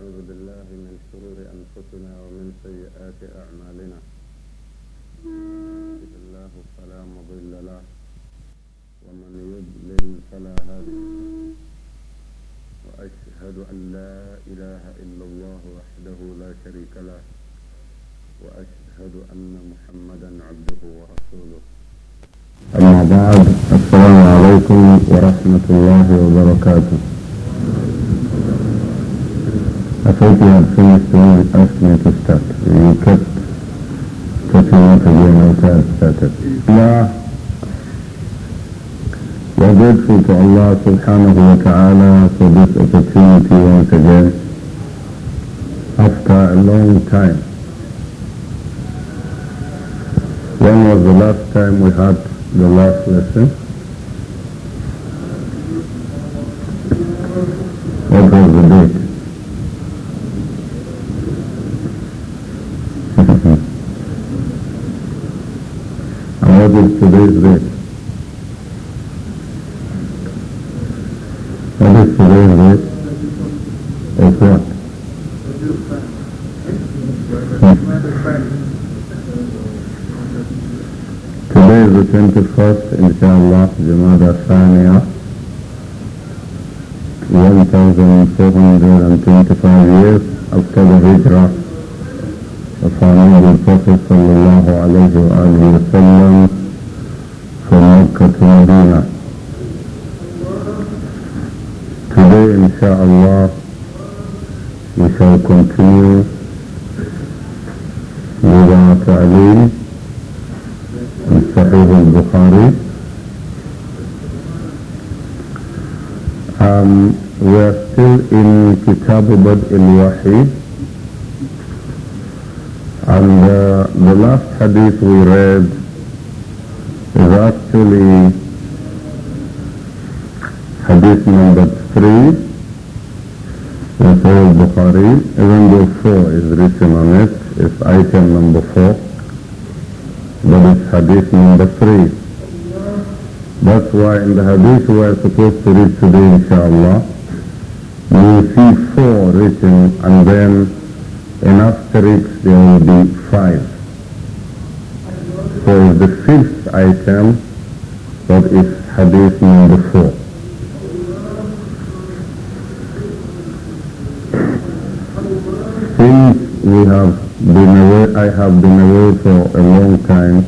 نعوذ بالله من شرور أنفسنا ومن سيئات أعمالنا من الله فلا مضل له ومن يضلل فلا هادي وأشهد أن لا إله إلا الله وحده لا شريك له وأشهد أن محمدا عبده ورسوله أما بعد السلام عليكم ورحمة الله وبركاته I thought you had finished when you asked me to start. You kept touching a again after I started. Yeah. We are grateful to Allah subhanahu wa ta'ala for this opportunity once again after a long time. When was the last time we had the last lesson? because Muhammad al And uh, the last hadith we read is actually hadith number three in Sahih Bukhari, even though four is written on it, it's item number four, but it's hadith number three. That's why in the hadith we are supposed to read today, inshallah, and then an asterisk, there will be five. So the fifth item that is hadith number four. Since we have been away, I have been away for a long time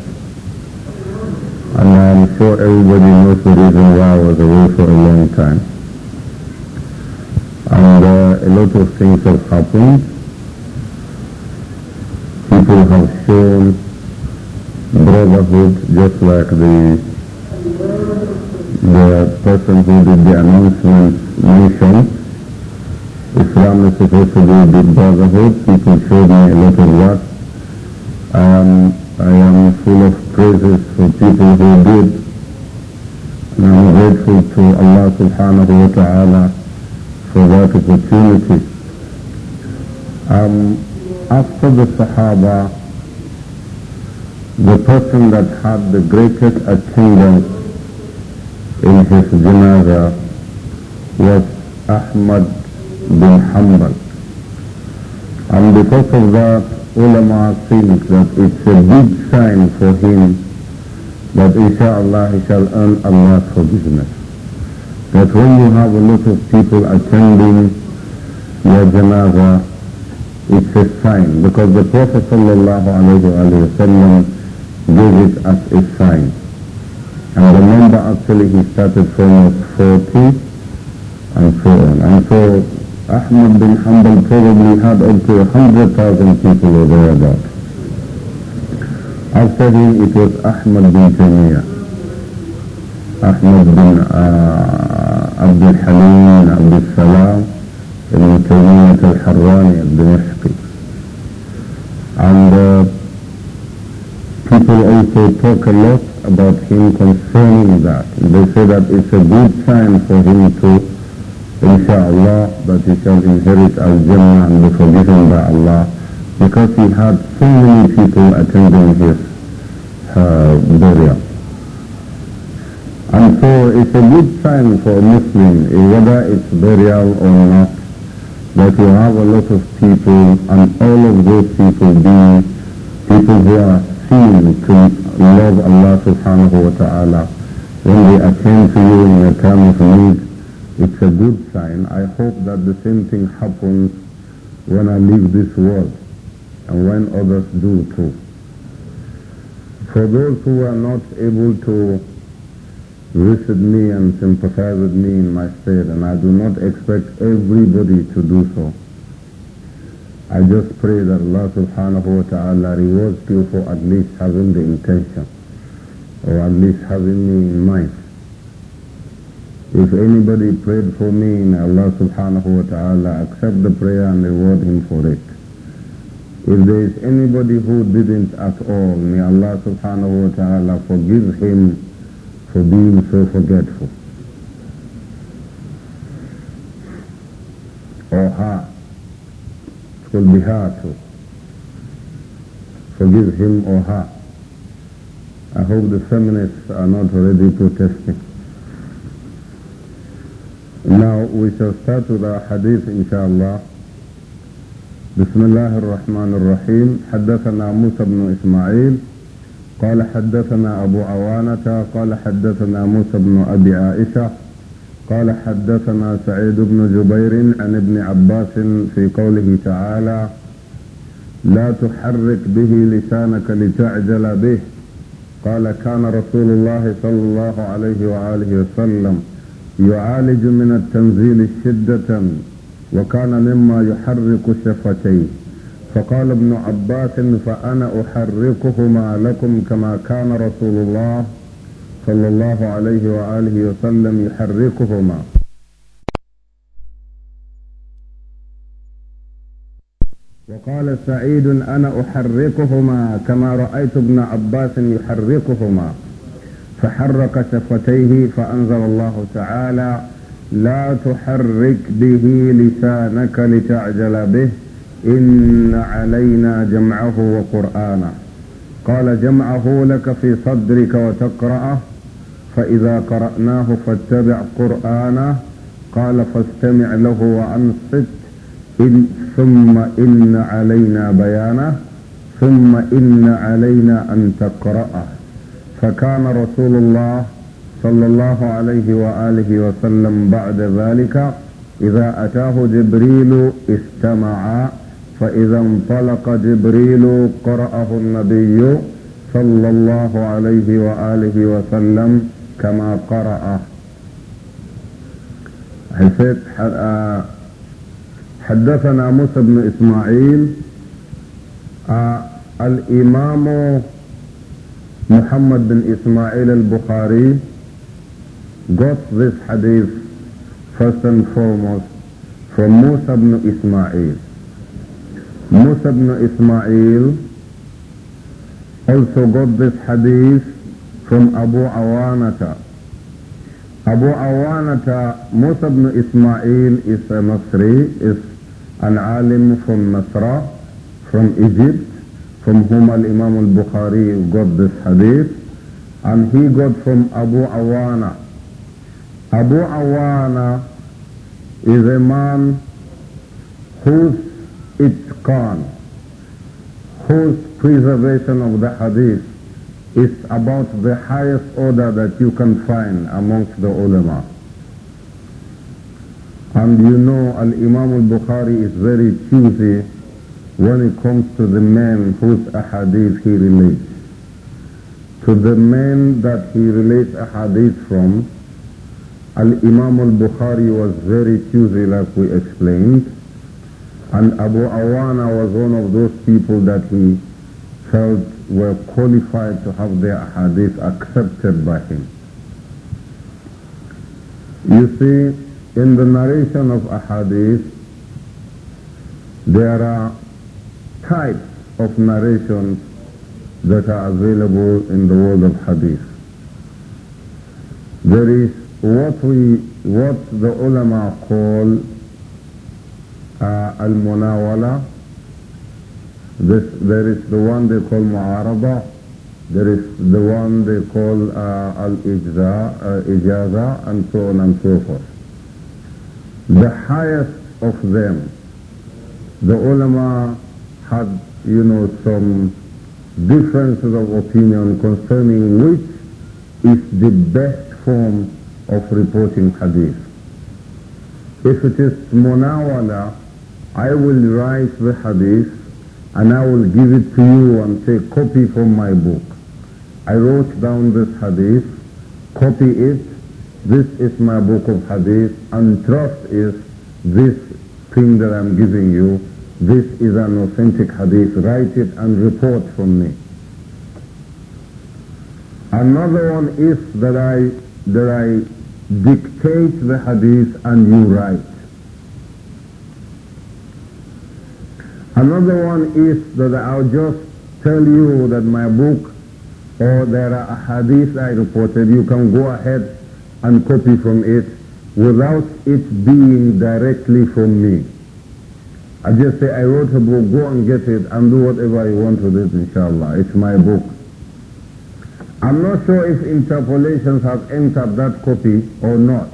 and I'm sure everybody knows the reason why I was away for a long time lot of things have happened. People have shown brotherhood just like the the person who did the announcement mission. Islam is supposed to be a big brotherhood. People showed me a lot of that. I am, I am full of praises for people who did. And I'm grateful to Allah subhanahu wa ta'ala for that opportunity. Um, after the Sahaba, the person that had the greatest attendance in his janazah was Ahmad bin Hanbal. And because of that, ulama think that it's a big sign for him that inshallah he shall earn Allah's forgiveness that when you have a lot of people attending your janaza, it's a sign because the Prophet ﷺ gave it as a sign. And the number actually he started from was 40 and so on. And so Ahmad bin Hanbal probably had up to 100,000 people or thereabout. After him it was Ahmad bin Taymiyyah, Ahmad bin uh, عبد الحليم بن عبد السلام بن تيمية الحراني الدمشقي And people also talk a lot about him concerning that. They say that it's a good sign for him to, inshallah, that he shall inherit Al-Jannah and be forgiven by Allah because he had so many people attending his uh, burial. And so it's a good sign for Muslim, whether it's burial or not, that you have a lot of people and all of those people being people who are seen to love Allah subhanahu wa ta'ala. When they attend to you in a time of need, it's a good sign. I hope that the same thing happens when I leave this world and when others do too. For those who are not able to visit me and sympathize with me in my state, and I do not expect everybody to do so. I just pray that Allah subhanahu wa ta'ala rewards you for at least having the intention, or at least having me in mind. If anybody prayed for me, Allah subhanahu wa ta'ala accept the prayer and reward him for it. If there is anybody who didn't at all, may Allah subhanahu wa ta'ala forgive him for being so forgetful. will be hard to Forgive him or her. I hope the feminists are not already protesting. Now we shall start with our hadith inshallah. بسم الله الرحمن الرحيم حدثنا موسى بن إسماعيل قال حدثنا أبو عوانة قال حدثنا موسى بن أبي عائشة قال حدثنا سعيد بن جبير عن ابن عباس في قوله تعالى لا تحرك به لسانك لتعجل به قال كان رسول الله صلى الله عليه وآله وسلم يعالج من التنزيل شدة وكان مما يحرك شفتيه فقال ابن عباس فأنا أحركهما لكم كما كان رسول الله صلى الله عليه وآله وسلم يحركهما وقال سعيد أنا أحركهما كما رأيت ابن عباس يحركهما فحرك شفتيه فأنزل الله تعالى لا تحرك به لسانك لتعجل به إن علينا جمعه وقرآنه قال جمعه لك في صدرك وتقرأه فإذا قرأناه فاتبع قرآنه قال فاستمع له وأنصت إن ثم إن علينا بيانه ثم إن علينا أن تقرأه فكان رسول الله صلى الله عليه وآله وسلم بعد ذلك إذا أتاه جبريل استمع فإذا انطلق جبريل قرأه النبي صلى الله عليه وآله وسلم كما قرأه آه، حدثنا موسى بن إسماعيل آه، الإمام محمد بن إسماعيل البخاري got this hadith first and foremost from Musa ibn Ismail Musa ibn Ismail also got this hadith from Abu Awanata. Abu Awanata, Musa ibn Ismail is a Masri, is an alim from Nasra, from Egypt, from whom imam al-Bukhari got this hadith, and he got from Abu Awana. Abu Awana is a man whose it's Khan, whose preservation of the hadith is about the highest order that you can find amongst the ulama. And you know Al-Imam al-Bukhari is very choosy when it comes to the men whose ahadith he relates. To the men that he relates hadith from, Al-Imam al-Bukhari was very choosy like we explained. And Abu Awana was one of those people that he felt were qualified to have their hadith accepted by him. You see, in the narration of hadith, there are types of narrations that are available in the world of hadith. There is what we, what the ulama call al-munawala. This, there is the one they call mu'araba. There is the one they call uh, al-ijza, ijaza, and so on and so forth. The highest of them, the ulama had, you know, some differences of opinion concerning which is the best form of reporting hadith. If it is munawala, I will write the hadith and I will give it to you and say, copy from my book. I wrote down this hadith, copy it, this is my book of hadith, and trust is this thing that I'm giving you, this is an authentic hadith, write it and report from me. Another one is that I, that I dictate the hadith and you write. Another one is that I'll just tell you that my book or there are hadith I reported, you can go ahead and copy from it without it being directly from me. I just say, I wrote a book, go and get it and do whatever you want with it, inshallah. It's my book. I'm not sure if interpolations have entered that copy or not,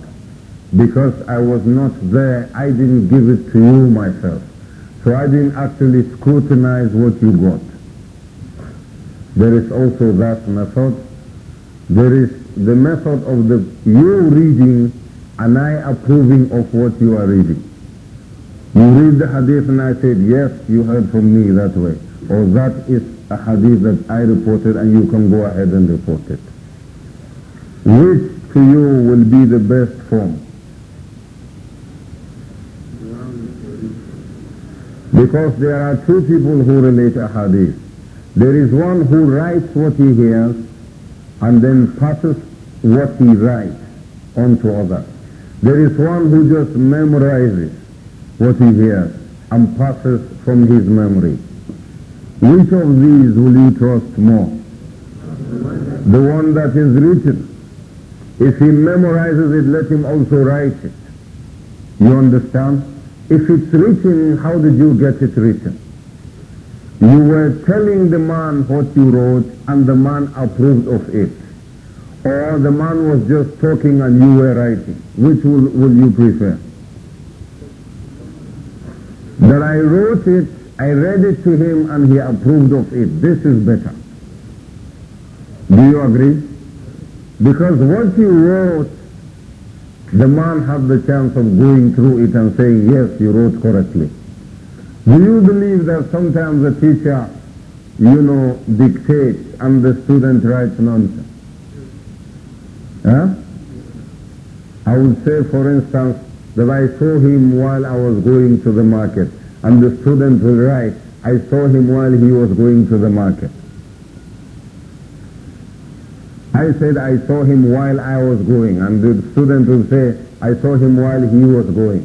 because I was not there. I didn't give it to you myself. So I didn't actually scrutinize what you got. There is also that method. There is the method of the you reading and I approving of what you are reading. You read the hadith and I said, yes, you heard from me that way. Or that is a hadith that I reported and you can go ahead and report it. Which to you will be the best form? Because there are two people who relate a hadith. There is one who writes what he hears and then passes what he writes on to others. There is one who just memorizes what he hears and passes from his memory. Which of these will you trust more? The one that is written. If he memorizes it, let him also write it. You understand? If it's written, how did you get it written? You were telling the man what you wrote and the man approved of it. Or the man was just talking and you were writing. Which would would you prefer? That I wrote it, I read it to him and he approved of it. This is better. Do you agree? Because what you wrote the man had the chance of going through it and saying, yes, you wrote correctly. Do you believe that sometimes the teacher, you know, dictates and the student writes nonsense? Huh? I would say, for instance, that I saw him while I was going to the market, and the student will write, I saw him while he was going to the market. I said I saw him while I was going, and the student will say, I saw him while he was going.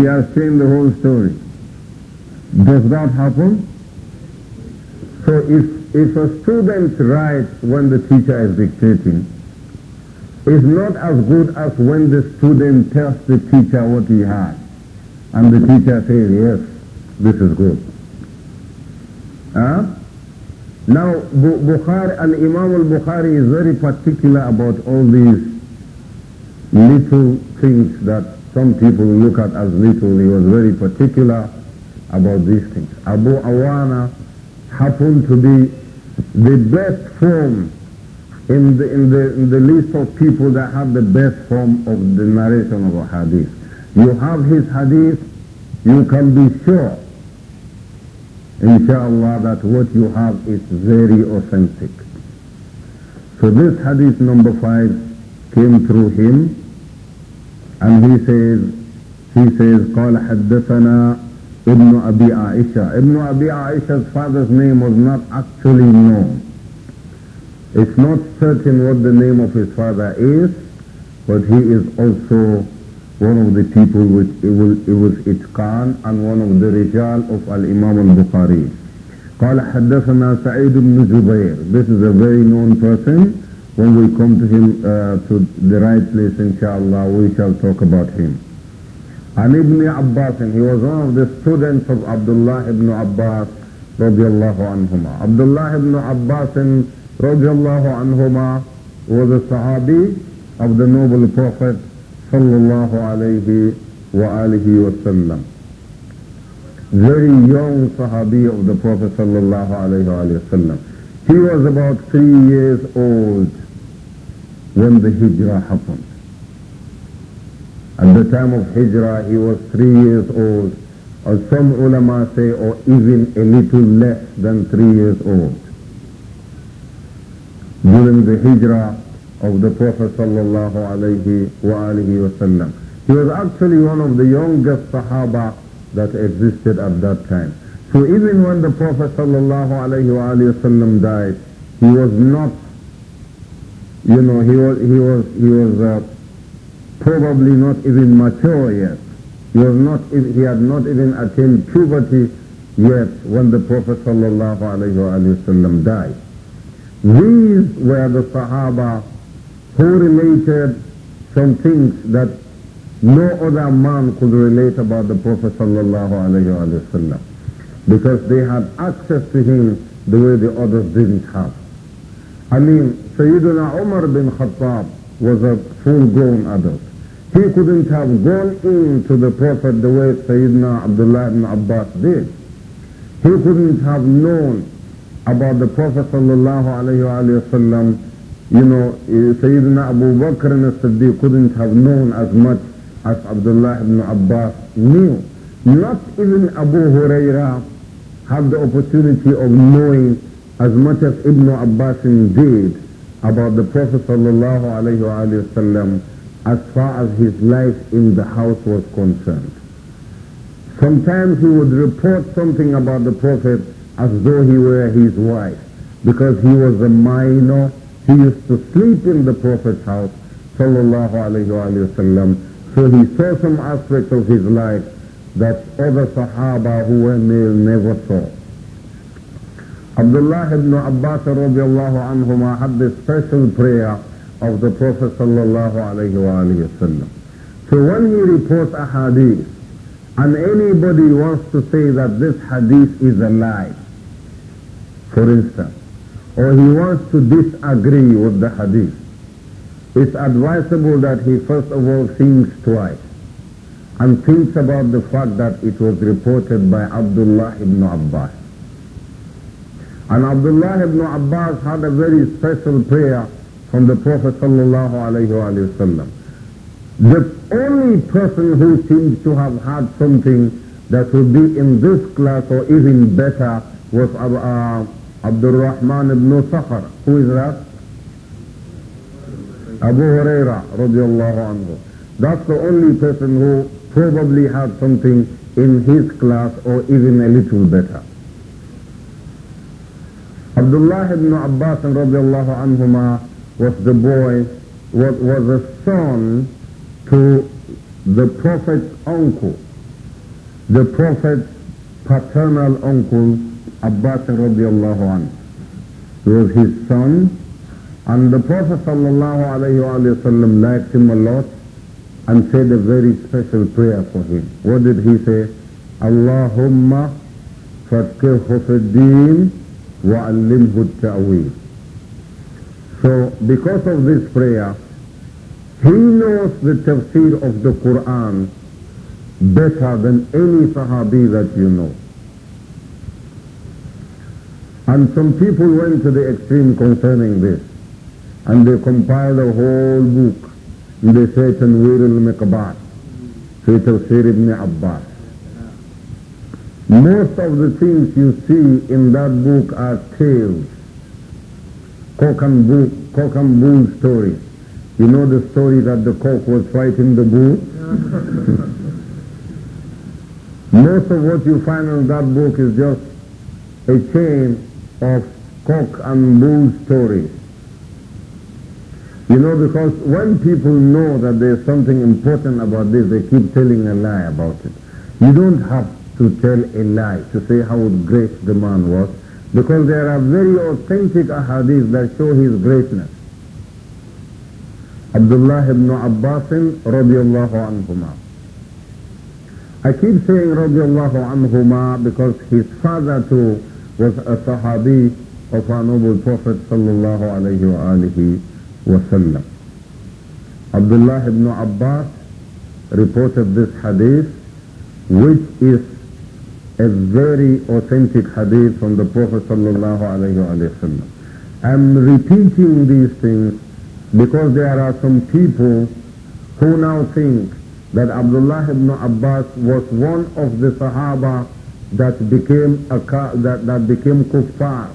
He has seen the whole story. Does that happen? So if, if a student writes when the teacher is dictating it's not as good as when the student tells the teacher what he had, and the teacher says, yes, this is good. Huh? Now, Bukhari, and Imam al-Bukhari is very particular about all these little things that some people look at as little. He was very particular about these things. Abu Awana happened to be the best form in the, in the, in the list of people that have the best form of the narration of a hadith. You have his hadith, you can be sure inshallah that what you have is very authentic. So this hadith number five came through him and he says, he says, قال حدثنا ابن أبي عائشة. Ibn Abi Aisha's father's name was not actually known. It's not certain what the name of his father is, but he is also one of the people which it was, it was Itqan and one of the Rijal of Al-Imam al-Bukhari. قال حدثنا سعيد بن جبير This is a very known person. When we come to him uh, to the right place, inshallah, we shall talk about him. And Ibn Abbas, he was one of the students of Abdullah ibn Abbas radiallahu anhuma. Abdullah ibn Abbas الله anhuma was a Sahabi of the noble Prophet صلى الله عليه وآله وسلم. Very young Sahabi of the Prophet صلى الله عليه وآله وسلم. He was about three years old when the hijrah happened. At the time of hijrah, he was three years old, or some ulama say, or even a little less than three years old. During the hijrah, of the Prophet sallallahu alayhi wa alihi wasallam. He was actually one of the youngest Sahaba that existed at that time. So even when the Prophet sallallahu alayhi wa alihi wasallam died, he was not, you know, he was, he was, he was uh, probably not even mature yet. He was not, he had not even attained puberty yet when the Prophet sallallahu alayhi wa alihi wasallam died. These were the Sahaba who related some things that no other man could relate about the Prophet sallallahu because they had access to him the way the others didn't have. I mean, Sayyidina Umar bin Khattab was a full-grown adult. He couldn't have gone into the Prophet the way Sayyidina Abdullah ibn Abbas did. He couldn't have known about the Prophet sallallahu you know, eh, Sayyidina Abu Bakr as-Siddiq couldn't have known as much as Abdullah ibn Abbas knew. Not even Abu Huraira had the opportunity of knowing as much as Ibn Abbas did about the Prophet sallallahu as far as his life in the house was concerned. Sometimes he would report something about the Prophet as though he were his wife because he was a minor he used to sleep in the Prophet's house, sallallahu alayhi wa sallam. So he saw some aspects of his life that other Sahaba who were male never saw. Abdullah ibn Abbas radiallahu anhuma had this special prayer of the Prophet sallallahu alayhi wa sallam. So when he reports a hadith, and anybody wants to say that this hadith is a lie, for instance, or he wants to disagree with the hadith, it's advisable that he first of all thinks twice and thinks about the fact that it was reported by Abdullah ibn Abbas. And Abdullah ibn Abbas had a very special prayer from the Prophet sallallahu alayhi wasallam. The only person who seems to have had something that would be in this class or even better was uh, Abdul Rahman ibn Sakhar. Who is that? Abu Huraira radiallahu anhu. That's the only person who probably had something in his class or even a little better. Abdullah ibn Abbas radiallahu anhuma was the boy, was, was a son to the Prophet's uncle, the Prophet's paternal uncle, Abbas radiallahu anhu was his son and the Prophet sallallahu alayhi wasallam liked him a lot and said a very special prayer for him. What did he say? Allahumma فكه wa الدين وعلمه التأويل So because of this prayer, he knows the tafsir of the Quran better than any Sahabi that you know. And some people went to the extreme concerning this. And they compiled a whole book. And they say Tanwir al-Miqbat, fi Tafsir ibn Abbas. Most of the things you see in that book are tales, cock and, bull, cock and bull stories. You know the story that the cock was fighting the bull? Most of what you find in that book is just a chain of cock and bull story. You know, because when people know that there's something important about this, they keep telling a lie about it. You don't have to tell a lie to say how great the man was, because there are very authentic ahadith that show his greatness. Abdullah ibn Abbas radiallahu anhuma. I keep saying radiallahu anhuma because his father too was a sahabi of our noble Prophet sallallahu alayhi wa alihi wasallam. Abdullah ibn Abbas reported this hadith which is a very authentic hadith from the Prophet sallallahu alayhi wa sallam. I'm repeating these things because there are some people who now think that Abdullah ibn Abbas was one of the Sahaba that became a, that, that became kuffar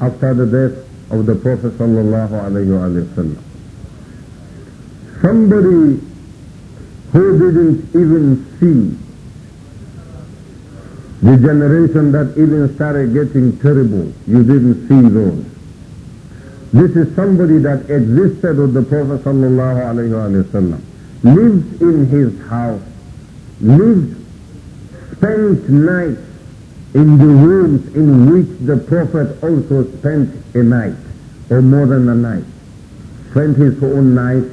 after the death of the Prophet sallallahu alaihi wasallam. Somebody who didn't even see the generation that even started getting terrible, you didn't see those. This is somebody that existed with the Prophet sallallahu alaihi wasallam, lived in his house, lived, spent nights in the rooms in which the Prophet also spent a night, or more than a night. Spent his own night.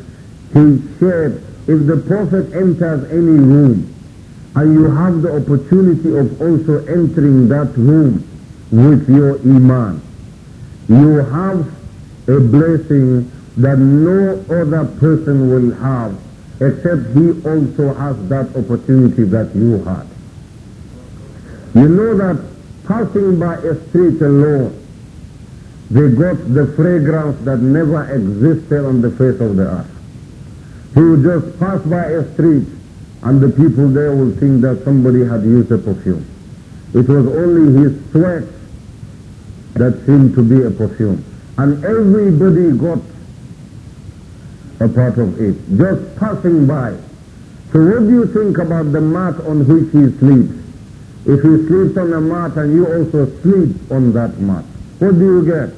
He said, if the Prophet enters any room, and you have the opportunity of also entering that room with your iman, you have a blessing that no other person will have except he also has that opportunity that you had. You know that passing by a street alone, they got the fragrance that never existed on the face of the earth. He would just pass by a street and the people there would think that somebody had used a perfume. It was only his sweat that seemed to be a perfume. And everybody got a part of it, just passing by. So what do you think about the mat on which he sleeps? If he sleeps on a mat and you also sleep on that mat, what do you get?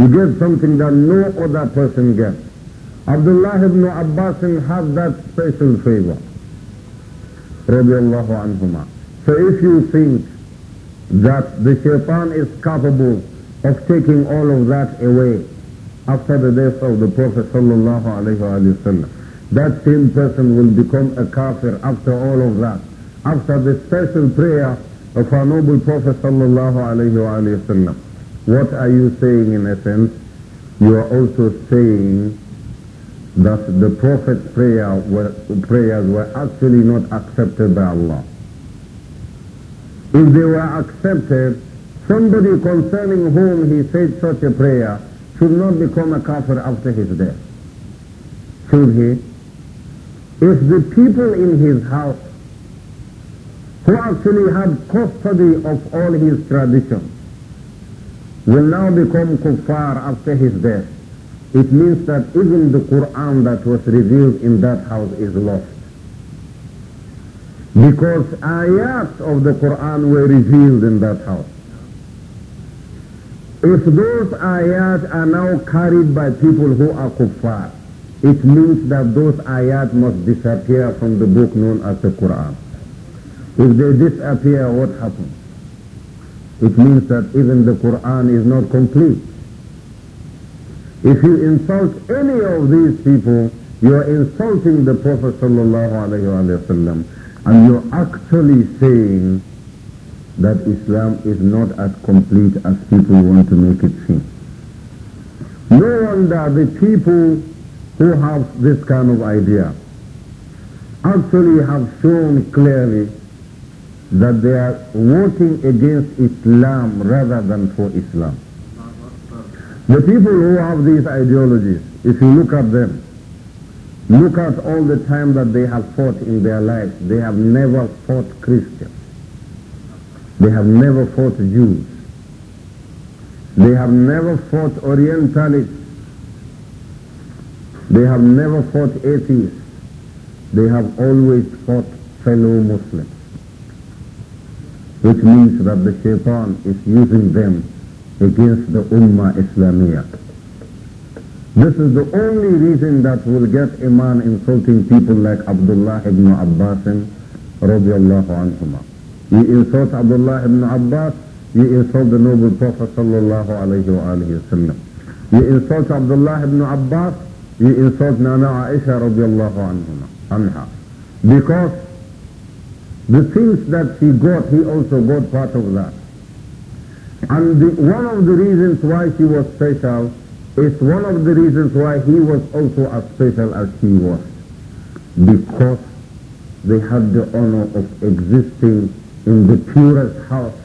You get something that no other person gets. Abdullah ibn Abbas had that special favor. Radiallahu anhuma. So if you think that the shaitan is capable of taking all of that away after the death of the Prophet sallallahu alayhi wa that same person will become a kafir after all of that after the special prayer of our noble Prophet sallallahu alayhi What are you saying in essence? You are also saying that the Prophet's prayer were, prayers were actually not accepted by Allah. If they were accepted, somebody concerning whom he said such a prayer should not become a kafir after his death. Should he? If the people in his house who actually had custody of all his traditions, will now become kuffar after his death. It means that even the Quran that was revealed in that house is lost. Because ayat of the Quran were revealed in that house. If those ayat are now carried by people who are kuffar, it means that those ayat must disappear from the book known as the Quran. If they disappear, what happens? It means that even the Quran is not complete. If you insult any of these people, you are insulting the Prophet wasallam, and you're actually saying that Islam is not as complete as people want to make it seem. No wonder the people who have this kind of idea actually have shown clearly that they are voting against Islam rather than for Islam. The people who have these ideologies, if you look at them, look at all the time that they have fought in their lives, they have never fought Christians. They have never fought Jews. They have never fought Orientalists. They have never fought atheists. They have always fought fellow Muslims which means that the shaitan is using them against the Ummah Islamiyah. This is the only reason that will get Iman insulting people like Abdullah ibn Abbas radiallahu anhuma. You insult Abdullah ibn Abbas, you insult the noble Prophet sallallahu alayhi wa alayhi wasallam. You insult Abdullah ibn Abbas, you insult Nana Aisha radiallahu anha. Because the things that she got, he also got part of that. And the, one of the reasons why she was special is one of the reasons why he was also as special as she was. Because they had the honor of existing in the purest house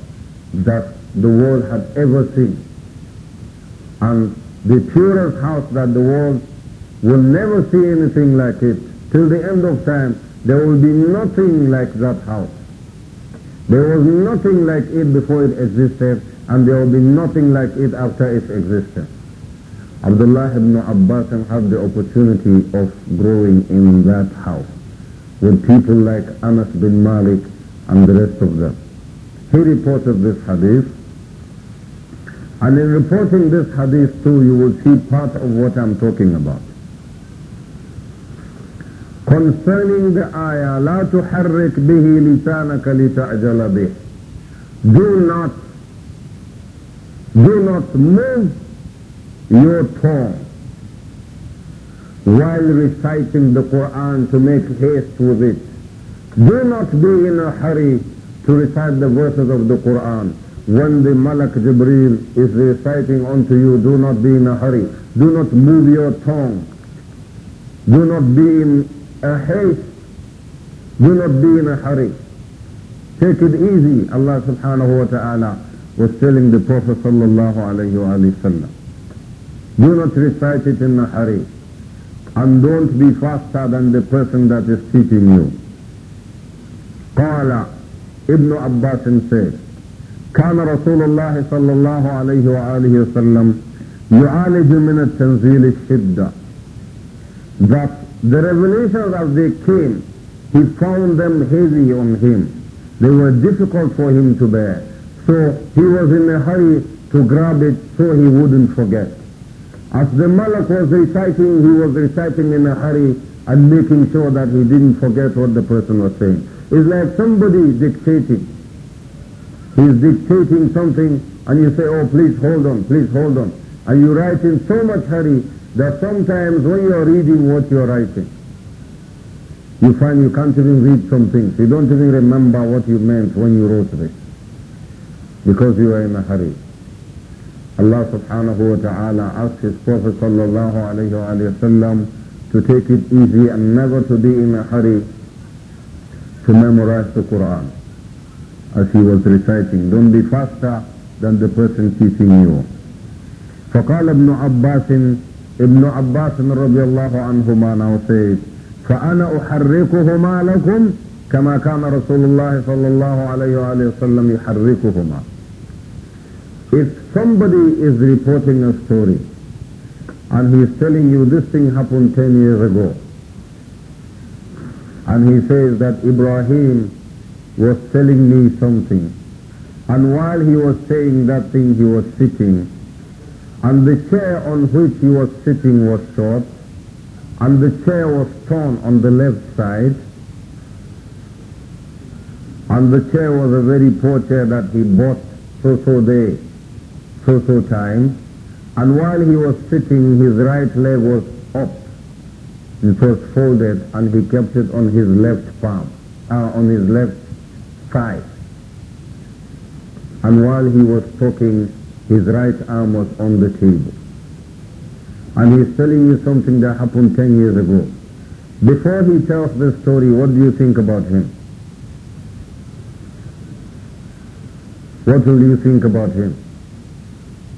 that the world had ever seen. And the purest house that the world will never see anything like it till the end of time there will be nothing like that house. There was nothing like it before it existed, and there will be nothing like it after its existence. Abdullah ibn Abbas had the opportunity of growing in that house with people like Anas bin Malik and the rest of them. He reported this hadith, and in reporting this hadith too, you will see part of what I'm talking about concerning the ayah, لا تحرك به لسانك لتعجل به. Do not, do not move your tongue while reciting the Quran to make haste with it. Do not be in a hurry to recite the verses of the Quran. When the Malak Jibril is reciting unto you, do not be in a hurry. Do not move your tongue. Do not be in أحس بنبينا حريم take it easy Allah سبحانه وتعالى was telling the Prophet صلى الله عليه وآله وسلم do not recite it in the حريم and don't be faster than the person that is teaching you قال ابن عباس said كان رسول الله صلى الله عليه وآله وسلم يعالج من التنزيل الشدة that the revelations as they came, he found them heavy on him. They were difficult for him to bear. So he was in a hurry to grab it so he wouldn't forget. As the Malak was reciting, he was reciting in a hurry and making sure that he didn't forget what the person was saying. It's like somebody dictating. He's dictating something and you say, oh, please hold on, please hold on. And you write in so much hurry that sometimes when you are reading what you are writing, you find you can't even read some things. You don't even remember what you meant when you wrote this because you are in a hurry. Allah subhanahu wa ta'ala asked His Prophet sallallahu alayhi wa sallam to take it easy and never to be in a hurry to memorize the Quran as he was reciting. Don't be faster than the person teaching you. فقال ابن عباس Ibn Abbas رضي الله now says, فأنا أحركهما لكم كما كان رسول الله صلى الله عليه وآله وسلم يحركهما. If somebody is reporting a story and he is telling you this thing happened 10 years ago and he says that Ibrahim was telling me something and while he was saying that thing he was sitting and the chair on which he was sitting was short, and the chair was torn on the left side, and the chair was a very poor chair that he bought so-so day, so-so time, and while he was sitting, his right leg was up. It was folded, and he kept it on his left palm, uh, on his left thigh. And while he was talking, his right arm was on the table. And he's telling you something that happened 10 years ago. Before he tells the story, what do you think about him? What will you think about him?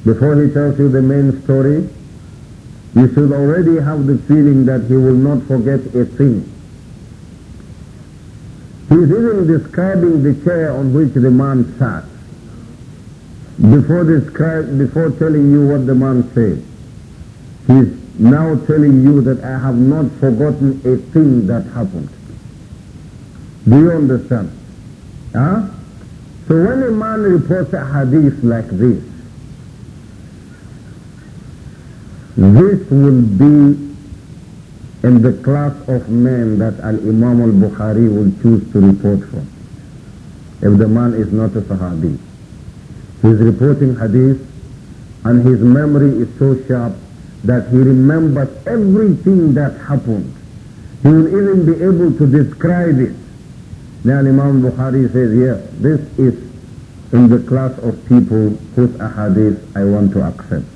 Before he tells you the main story, you should already have the feeling that he will not forget a thing. He's even describing the chair on which the man sat before describe, before telling you what the man said, he's now telling you that I have not forgotten a thing that happened. Do you understand? Huh? So when a man reports a hadith like this, this will be in the class of men that Al-Imam al-Bukhari will choose to report from, if the man is not a Sahabi. He's reporting hadith and his memory is so sharp that he remembers everything that happened. He will even be able to describe it. Now Imam Bukhari says, yes, this is in the class of people whose ahadith I want to accept.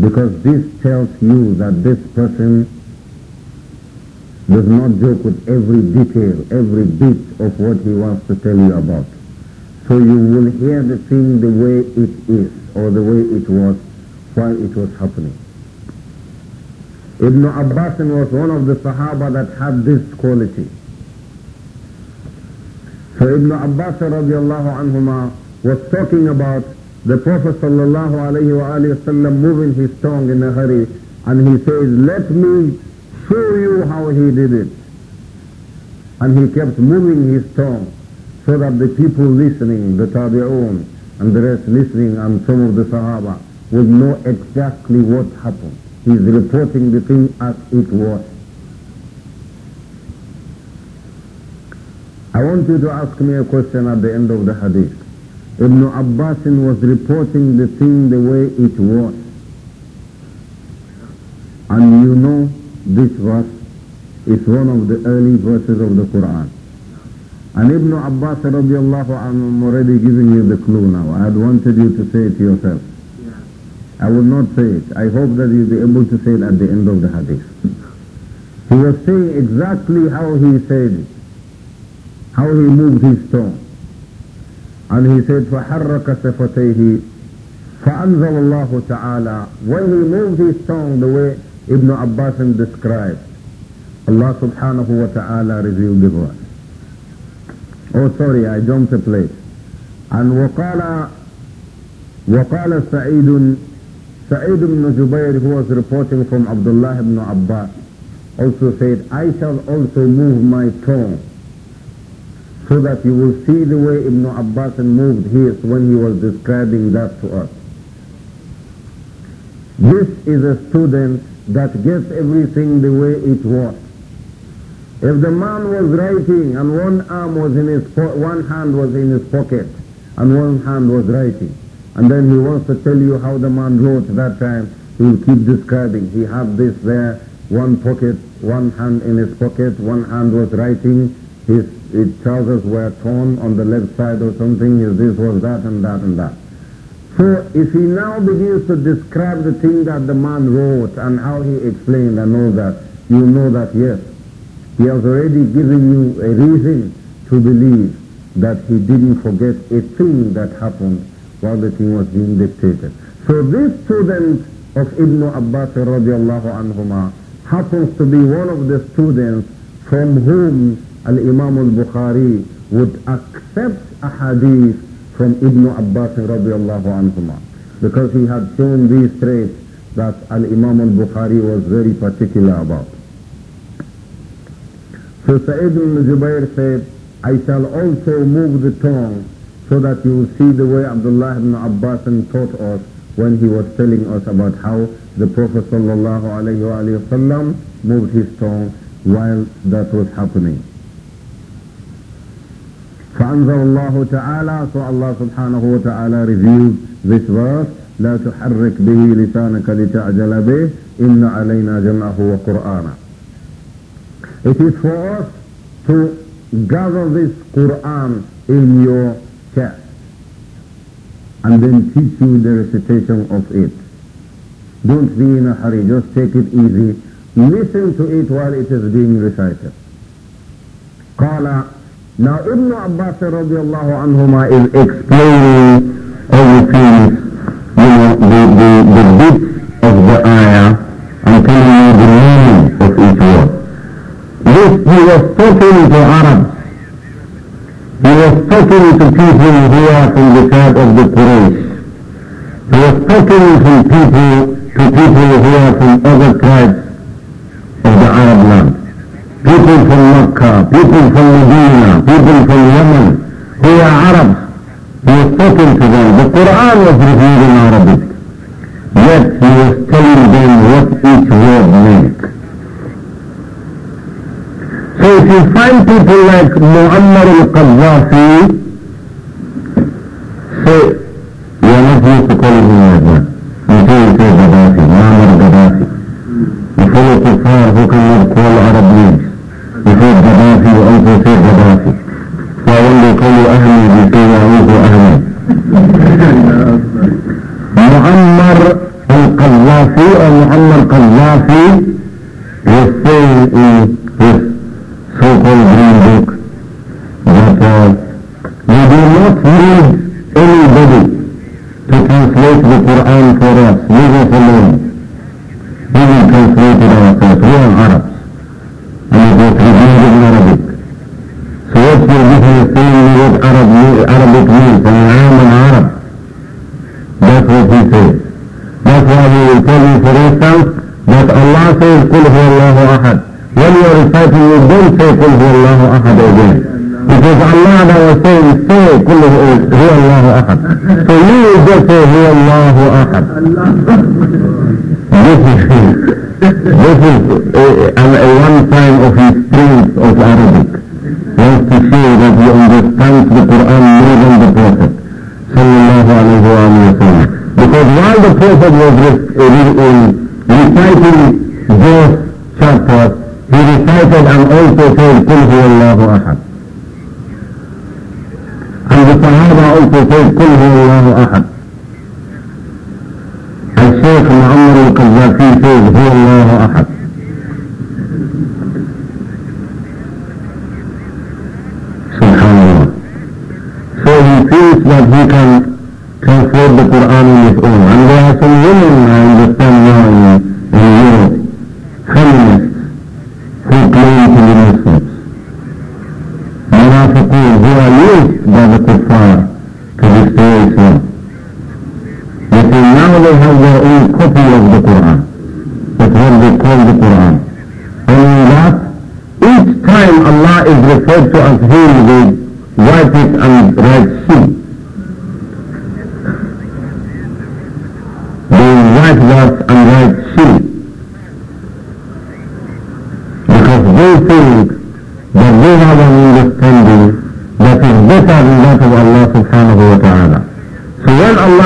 Because this tells you that this person does not joke with every detail, every bit of what he wants to tell you about. So you will hear the thing the way it is, or the way it was while it was happening. Ibn Abbas was one of the Sahaba that had this quality. So Ibn Abbas was talking about the Prophet sallallahu moving his tongue in a hurry and he says, let me show you how he did it. And he kept moving his tongue so that the people listening, the tabi'un and the rest listening and some of the sahaba will know exactly what happened. He's reporting the thing as it was. I want you to ask me a question at the end of the hadith. Ibn Abbas was reporting the thing the way it was. And you know this verse is one of the early verses of the Quran. And Ibn Abbas radiallahu anhu, I'm already giving you the clue now. I had wanted you to say it yourself. Yeah. I will not say it. I hope that you'll be able to say it at the end of the hadith. He was saying exactly how he said it, how he moved his tongue. And he said, فَحَرَّكَ سَفَتَيْهِ فَأَنْزَلَ اللَّهُ تَعَالَى When he moved his tongue the way Ibn Abbas described, Allah subhanahu wa ta'ala revealed the verse. Oh, sorry, I jumped a place. And وقال وقال سعيد سعيد بن جبير who was reporting from Abdullah ibn Abbas also said, I shall also move my tongue so that you will see the way Ibn Abbas moved his when he was describing that to us. This is a student that gets everything the way it was. If the man was writing and one arm was in his po- one hand was in his pocket and one hand was writing, and then he wants to tell you how the man wrote that time, he will keep describing. He had this there, one pocket, one hand in his pocket, one hand was writing, his, his trousers were torn on the left side or something, his this was that and that and that. So if he now begins to describe the thing that the man wrote and how he explained and all that, you know that yes, he has already given you a reason to believe that he didn't forget a thing that happened while the thing was being dictated. So this student of Ibn Abbas radiallahu anhuma happens to be one of the students from whom Al-Imam al-Bukhari would accept a hadith from Ibn Abbas radiallahu anhuma because he had shown these traits that Al-Imam al-Bukhari was very particular about. So Sa'id ibn Jubair said, I shall also move the tongue so that you will see the way Abdullah ibn Abbas taught us when he was telling us about how the Prophet sallallahu moved his tongue while that was happening. فأنزل الله تعالى so Allah subhanahu wa ta'ala revealed this verse لا تحرك به لسانك لتعجل به إن علينا جمعه وقرآنه it is for us to gather this Quran in your chest and then teach you the recitation of it. Don't be in a hurry, just take it easy. Listen to it while it is being recited. Now Ibn Abbas رضي الله عنهما is explaining everything, you know, the, the, the bits of the ayah يستثني في العرب يستثني في people who are from the tribe of the Quraysh يستثني في people to people who are from other tribes of the Arab land people from Makkah, people from Medina, people from Yemen who are Arabs يستثني to them the Quran was revealed in Arabic yet he was telling them what each word meant if you find people like Muammar al-Qaddafi,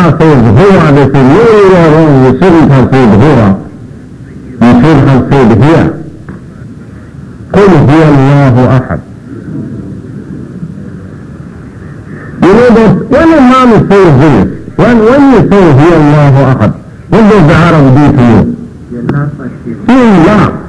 حرفي ظهورا بسنور ويصير حرفي ظهورا يصير حرفي هي قل هو الله أحد You know that when Imam says this, when, when you say هو الله أحد, what does the Arab do to you? He laughs.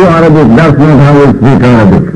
You Arabic does not how its Greek Arabic.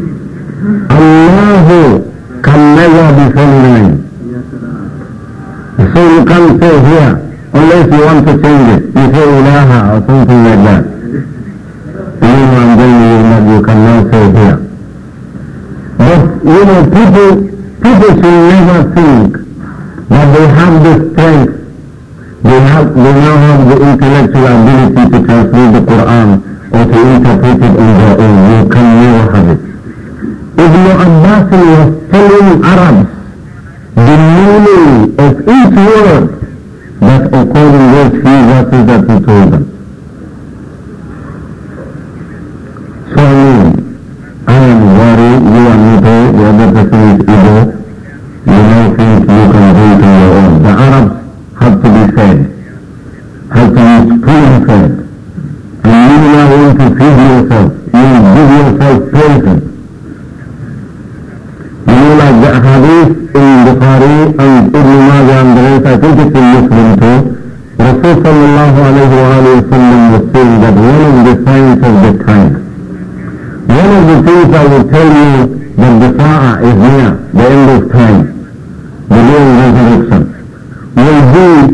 believe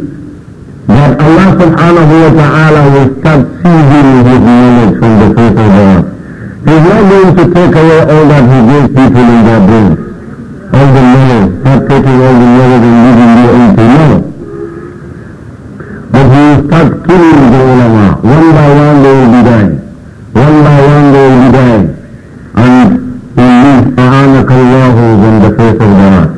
that Allah subhanahu wa ta'ala will start seizing his knowledge from the people there. He's not going to take away all that he gave people in their brain. All the knowledge, not taking all the knowledge and leaving the empty knowledge. But he will start killing the ulama. One by one they will be dying. One by one they will be dying. And he leaves Subhanakallahu on the face of the earth.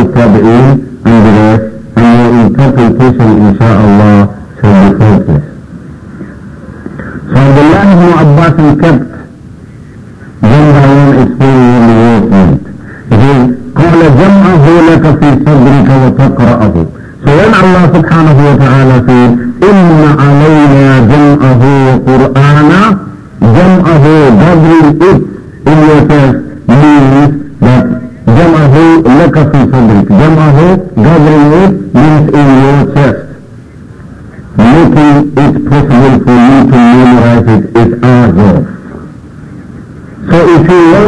التابعين عندنا ذلك أن الانترفنتيشن إن شاء الله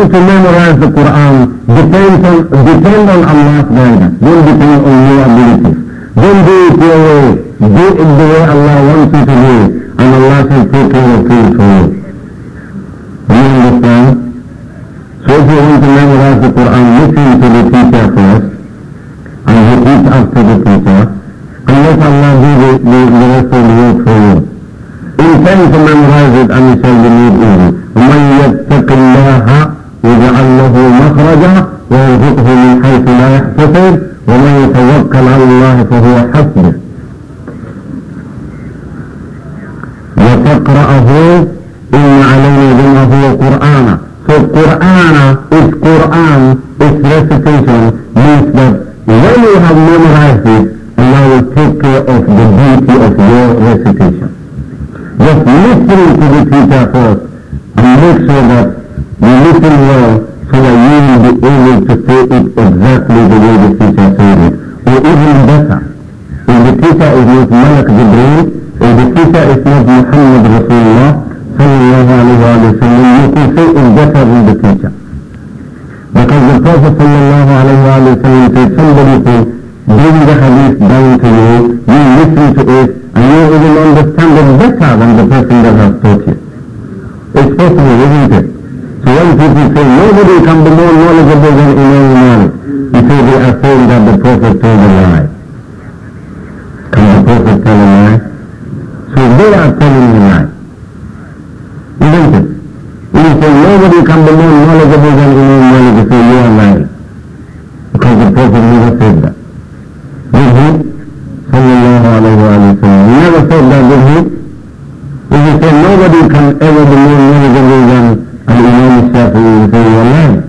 trying to memorize the Quran depends on depend on Allah's guidance. Don't depend on your ability. Don't do it your way. Do it the way Allah wants you to do it. And Allah can take care of things for you. Do you understand? So if you want to memorize the Quran, listen to the teacher first. And repeat after the teacher. And let Allah do the, the, the rest of the work for you. Intend to memorize it and it shall be made easy. من يتق الله يجعل له مخرجا ويرزقه من حيث لا يحتسب ومن يتوكل على الله فهو حسبه وتقرأه إن علينا جمعه وقرآنه So Quran is Quran is recitation means that when you have memorized it, Allah will take care of the beauty of your recitation. Just listening to the teacher first and make sure that مثل الله فلا you will be able to say it exactly the way the teacher said it or even better if the teacher is not Malak Jibreel if the teacher is not Muhammad Rasulullah sallallahu alayhi wa sallam you can say it better than the teacher because the Prophet sallallahu alayhi wa sallam said somebody who bring the hadith down to you you listen to it and you even understand it better than the person that has taught you it's possible isn't it young people say nobody can be more knowledgeable than Imam Malik because they affirm that the Prophet told a lie. Can the Prophet tell a lie? So they are telling a lie. Isn't it? When you say nobody can be more knowledgeable than Imam Malik, you say you are lying. Because the Prophet never said that. Did he? Sallallahu alayhi wa sallam. He never said that, did he? If you say nobody can ever be more knowledgeable than الإمام الشافعي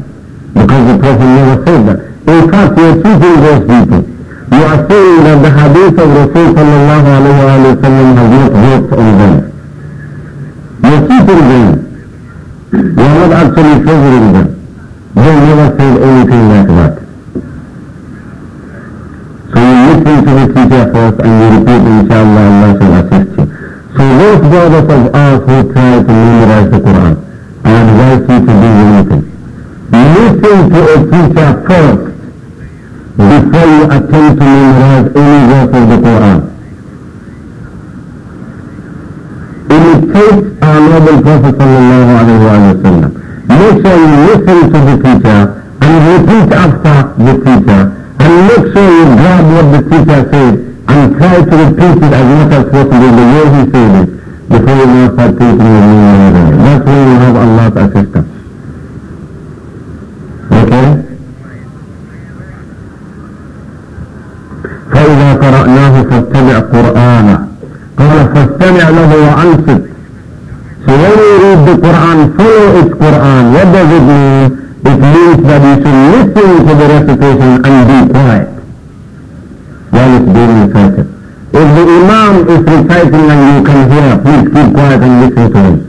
and say, well, because the Prophet never said that. In fact, you are teaching those people. You are saying that the hadith of Rasul sallallahu alayhi wa sallam has not worked on them. You are teaching them. You are not actually favoring them. They never said anything like that. So you listen to the teacher first and you repeat inshallah Allah shall assist you. So those brothers of ours who try to memorize the Quran, and wants you to be united. Listen to a teacher first before you attempt to memorize any verse of the Quran. Imitate our noble Prophet sallallahu alayhi wa sallam. Make sure you listen to the teacher and repeat after the teacher and make sure you grab what the teacher says and try to repeat it as much as possible the way he said it. before you start That's when you have Allah's assistance. Okay? فإذا قرأناه فاتبع قرآنه قال فاستمع له وأنصت So when you read the Quran, follow its Quran. What does it mean? It means that you should listen to the recitation and be quiet while it's being recited. If the Imam is reciting and you can hear, please keep quiet and listen to him.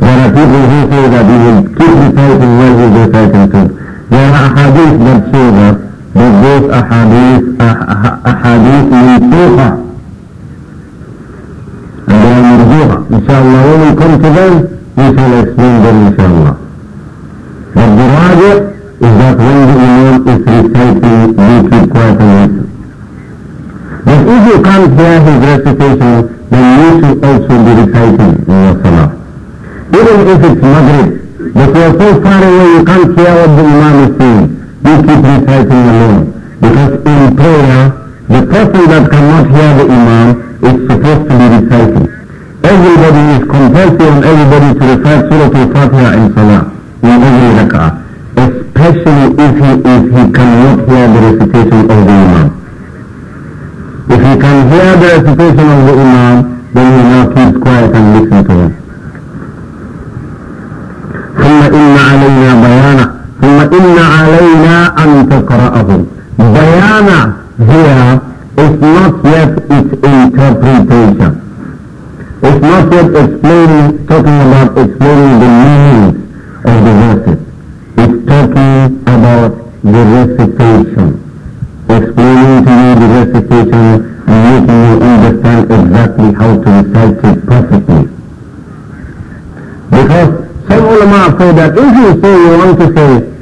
There are people who say that you will keep reciting while he's reciting to. There are ahadith that show that, that those ahadith, ah, ah, ahadith And they are murjuha. Inshallah, when we come to them, we shall explain them inshallah. But the Raja is that when the Imam is reciting, we keep quiet and listen. But if you can't hear his recitation, then you should also be reciting in your salah. Even if it's Maghrib, but you are so far away you can't hear what the Imam is saying, you keep reciting alone. Because in prayer, the person that cannot hear the Imam is supposed to be reciting. Everybody is compulsory on everybody to recite Surah Al-Fatiha in Salah, in every rak'ah, especially if he, if he cannot hear the recitation of the Imam. If he can hear the recitation of the Imam, then he now keep quiet and listen to him. ثم إن علينا بيانه ثم إن علينا أن تقرأهم الشيء والكفاية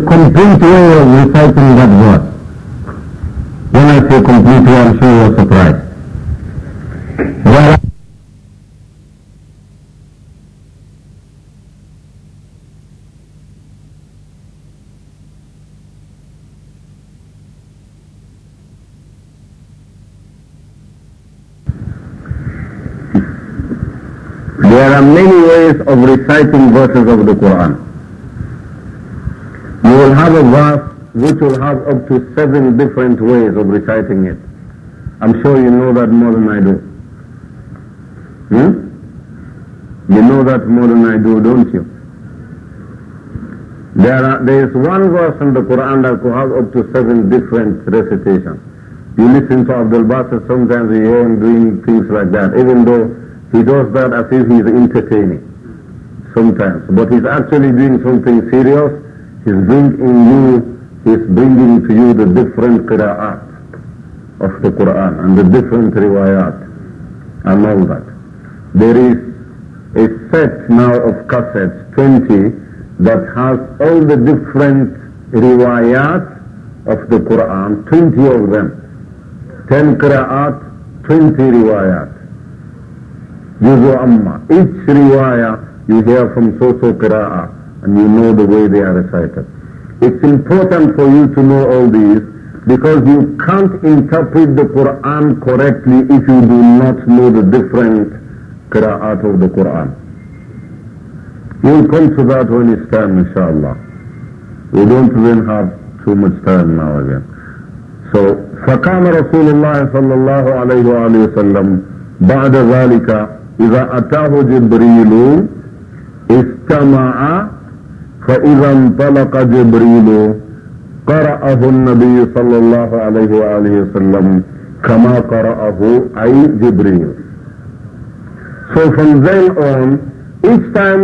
complete way of reciting that verse. When I say complete way, I'm sure you're surprised. There are many ways of reciting verses of the Quran have a verse which will have up to seven different ways of reciting it. I'm sure you know that more than I do. Hmm? You know that more than I do, don't you? There, are, there is one verse in the Quran that could have up to seven different recitations. You listen to Abdul Basir, sometimes you hear him doing things like that, even though he does that as if he's entertaining sometimes. But he's actually doing something serious He's bringing you, he's bringing to you the different qira'at of the Quran and the different riwayat and all that. There is a set now of cassettes, 20, that has all the different riwayat of the Quran, 20 of them. 10 qira'at, 20 riwayat. Juzu amma. Each riwayat you hear from so-so qira'at and you know the way they are recited. It's important for you to know all these because you can't interpret the Quran correctly if you do not know the different qira'at of the Quran. We'll come to that when it's time, inshallah. We don't even have too much time now again. So, فقام رسول الله صلى الله عليه وآله وسلم بعد ذلك إذا أتاه جبريل استمع فإذا انطلق جبريل قرأه النبي صلى الله عليه وآله وسلم كما قرأه أي جبريل So from then on, each time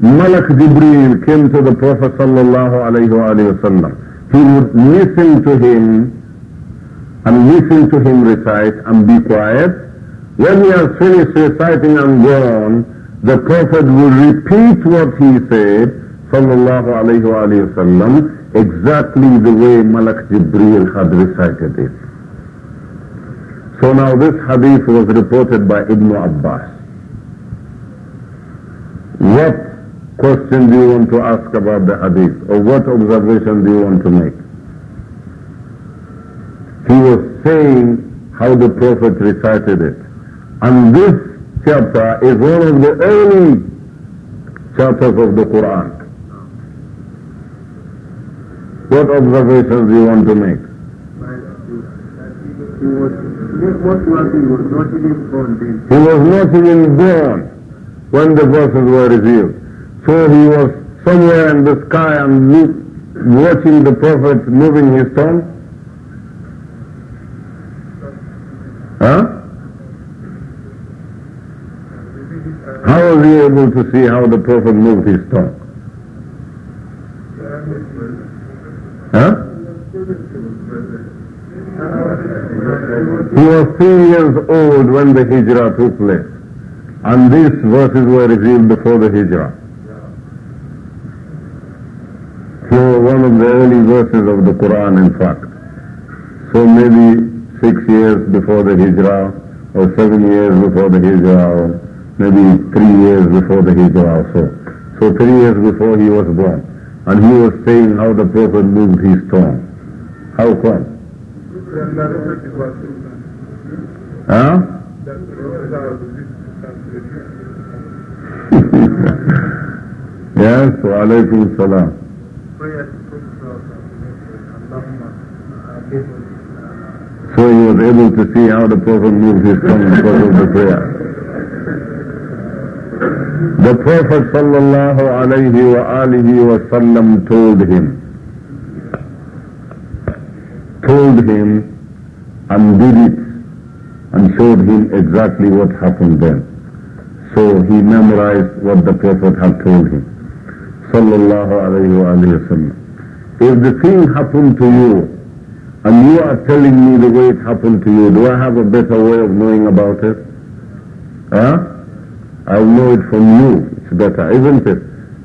Malak Jibreel came to the Prophet sallallahu alayhi wa sallam, he would listen to him and listen to him recite and be quiet. When he has finished reciting and gone, the Prophet would repeat what he said sallallahu alayhi wa, alayhi wa sallam, exactly the way Malak Jibreel had recited it. So now this hadith was reported by Ibn Abbas. What question do you want to ask about the hadith or what observation do you want to make? He was saying how the Prophet recited it. And this chapter is one of the early chapters of the Quran. What observations do you want to make? He was, he was not even born He was not even born when the verses were revealed. So he was somewhere in the sky and watching the Prophet moving his tongue. Huh? How was he able to see how the Prophet moved his tongue? Huh? He was three years old when the hijrah took place. And these verses were revealed before the hijrah. So one of the early verses of the Quran in fact. So maybe six years before the hijrah or seven years before the hijrah or maybe three years before the hijrah or so. So three years before he was born. And he was saying how the Prophet moved his tongue. How come? Huh? yes, wa alaykum salam. So he was able to see how the Prophet moved his tongue because of the prayer. The Prophet sallallahu alayhi wa alihi wa sallam told him, told him and did it and showed him exactly what happened then. So he memorized what the Prophet had told him. Sallallahu alayhi wa, alayhi wa sallam. If the thing happened to you and you are telling me the way it happened to you, do I have a better way of knowing about it? Huh? I know it from you. It's better, isn't it?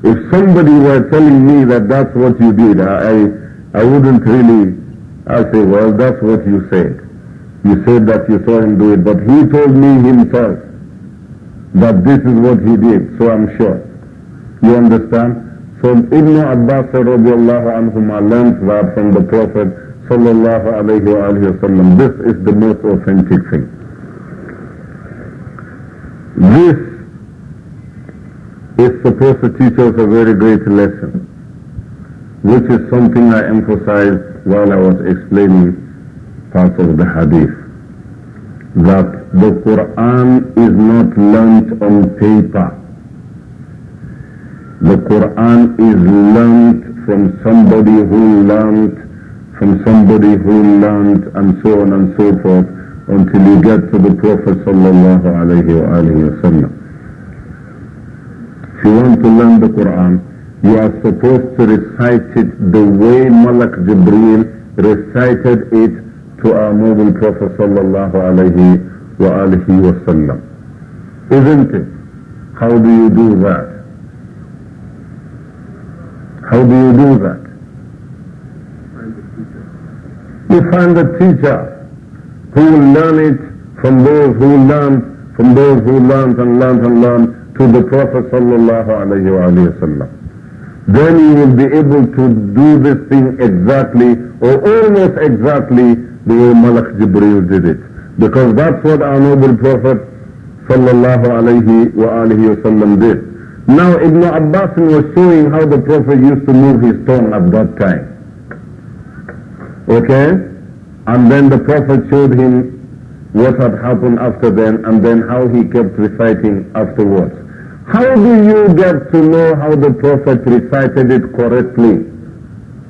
If somebody were telling me that that's what you did, I, I wouldn't really, I'd say, well, that's what you said. You said that you saw him do it, but he told me himself that this is what he did, so I'm sure. You understand? So Ibn Abbas radiallahu anhuma learns that from the Prophet sallallahu alayhi wa This is the most authentic thing. This is supposed to teach us a very great lesson, which is something I emphasized while I was explaining part of the hadith, that the Quran is not learnt on paper. The Quran is learnt from somebody who learnt, from somebody who learnt, and so on and so forth, until you get to the Prophet sallallahu alaihi wasallam. If you want to learn the Quran, you are supposed to recite it the way Malak Jibreel recited it to our noble Prophet sallallahu alayhi wa alihi wa sallam. Isn't it? How do you do that? How do you do that? You find a teacher who will learn it from those who learned, from those who learned and learned and learned to the Prophet sallallahu Then you will be able to do this thing exactly or almost exactly the way Malak Jibril did it. Because that's what our noble Prophet sallallahu did. Now Ibn Abbas was showing how the Prophet used to move his tongue at that time. Okay? And then the Prophet showed him what had happened after then and then how he kept reciting afterwards. How do you get to know how the Prophet recited it correctly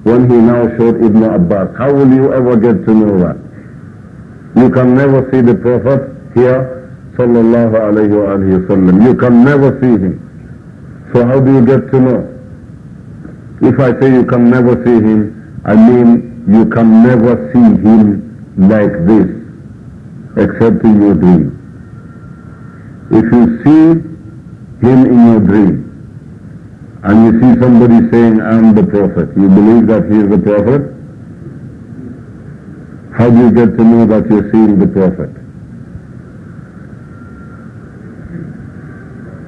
when he now showed Ibn Abbas? How will you ever get to know that? You can never see the Prophet here, sallallahu alayhi wa sallam. You can never see him. So how do you get to know? If I say you can never see him, I mean you can never see him like this, except in your dream. If you see him in your dream, and you see somebody saying, I am the prophet, you believe that he is the prophet? How do you get to know that you're seeing the prophet?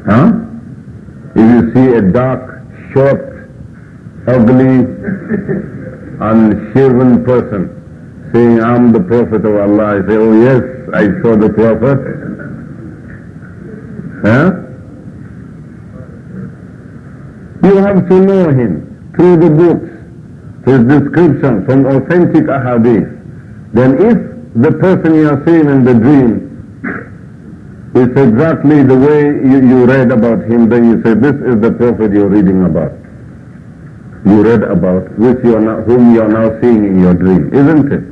Huh? If you see a dark, short, ugly, unshaven person saying, I'm the prophet of Allah, I say, oh yes, I saw the prophet. Huh? You have to know him through the books, through description from authentic ahadith. Then if the person you are seeing in the dream is exactly the way you, you read about him, then you say, this is the prophet you're reading about. You read about, which you are now, whom you are now seeing in your dream, isn't it?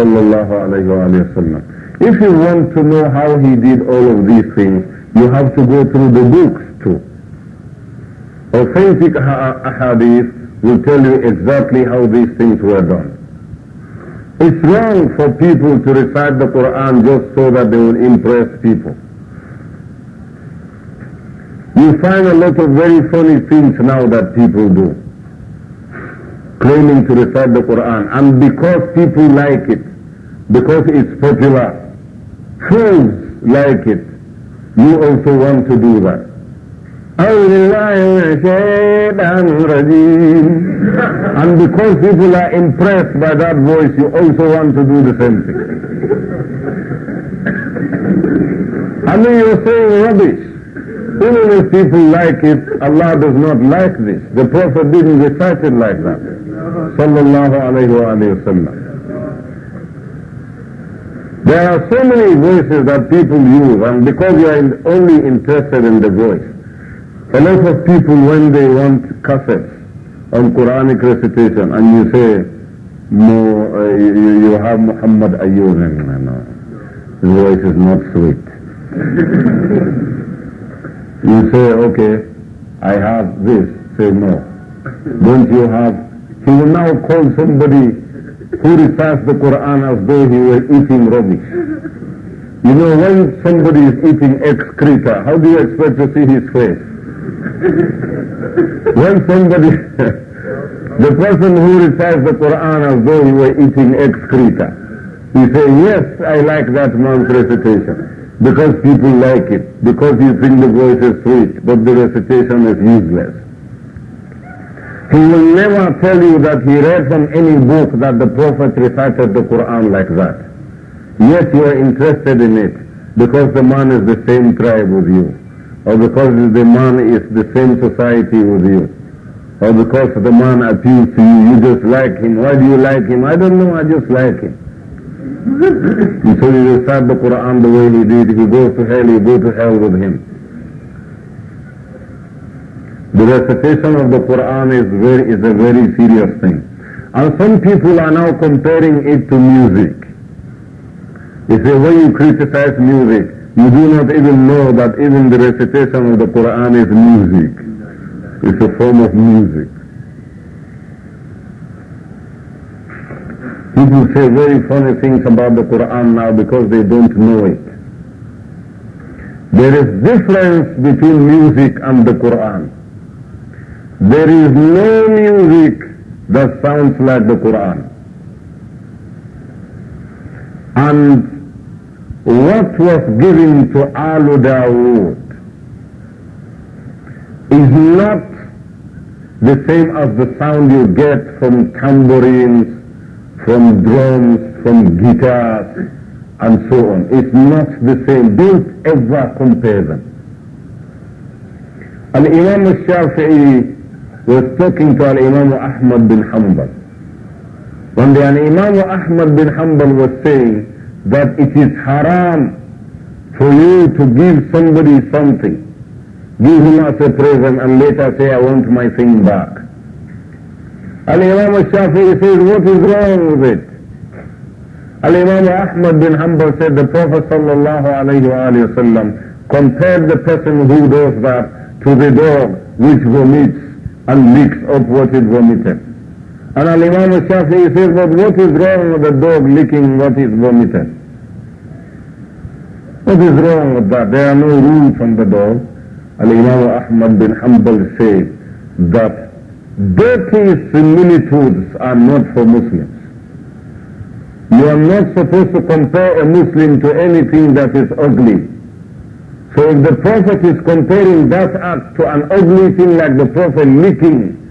Sallallahu alayhi wa If you want to know how he did all of these things, you have to go through the books too. Authentic ahadith will tell you exactly how these things were done. It's wrong for people to recite the Quran just so that they will impress people. You find a lot of very funny things now that people do, claiming to recite the Quran, and because people like it, because it's popular, fools like it, you also want to do that. أعوذ بالله من الشيطان الرجيم And because people are impressed by that voice, you also want to do the same thing. I mean, you're saying rubbish. Even if people like it, Allah does not like this. The Prophet didn't recite it like that. Sallallahu alayhi wa sallam. There are so many voices that people use, and because you are only interested in the voice, a lot of people when they want cassettes on Quranic recitation and you say, no, uh, you, you have Muhammad Ayyub and no, no, his voice is not sweet. you say, okay, I have this, say no. Don't you have, he will now call somebody who recites the Quran as though he were eating rubbish. You know, when somebody is eating excreta, how do you expect to see his face? When somebody, the person who recites the Quran as though he were eating excreta, he say, yes, I like that man's recitation because people like it, because you think the voice is sweet, but the recitation is useless. He will never tell you that he read from any book that the Prophet recited the Quran like that. Yet you are interested in it because the man is the same tribe with you or because the man is the same society with you, or because the man appeals to you, you just like him. Why do you like him? I don't know, I just like him. so you recite the Quran the way he did. If he goes to hell, you go to hell with him. The recitation of the Quran is, very, is a very serious thing. And some people are now comparing it to music. They say, when you criticize music, you do not even know that even the recitation of the Quran is music. It's a form of music. People say very funny things about the Quran now because they don't know it. There is difference between music and the Quran. There is no music that sounds like the Quran. And what was given to Alu Dawood is not the same as the sound you get from tambourines, from drums, from guitars, and so on. It's not the same. Don't ever compare them. And Imam al-Shafi'i was talking to Imam Ahmad bin Hanbal. One day, Imam Ahmad bin Hanbal was saying, that it is haram for you to give somebody something. Give him as a present and later say, I want my thing back. Ali Imam Shafi'i says, what is wrong with it? Al-Imam Ahmad bin Hanbal said, the Prophet sallallahu alayhi wa sallam compared the person who does that to the dog which vomits and licks up what it vomited. And Al-Imam Shafi shafii says, but what is wrong with the dog licking what is vomited? What is wrong with that? There are no rules on the dog. Al-Imam Ahmad bin Hanbal says that dirty similitudes are not for Muslims. You are not supposed to compare a Muslim to anything that is ugly. So if the Prophet is comparing that act to an ugly thing like the Prophet licking,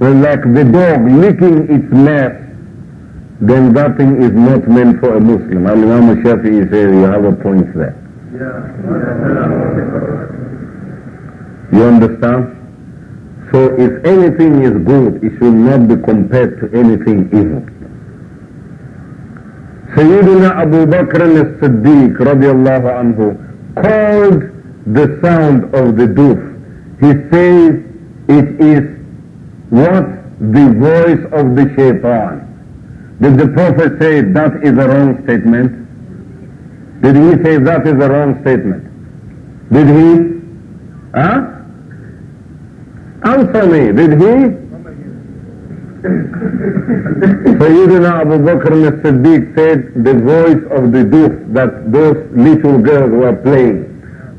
and like the dog licking its mouth, then that thing is not meant for a Muslim. Al Imam Shafi'i says you have a point there. Yeah. you understand? So if anything is good, it should not be compared to anything evil. Sayyidina Abu Bakr as-Siddiq radiallahu anhu called the sound of the doof. He says it is what the voice of the shaitan. Did the Prophet say that is a wrong statement? Did he say that is a wrong statement? Did he? Huh? Answer me, did he? Sayyidina Abu Bakr as-Siddiq said the voice of the doof that those little girls were playing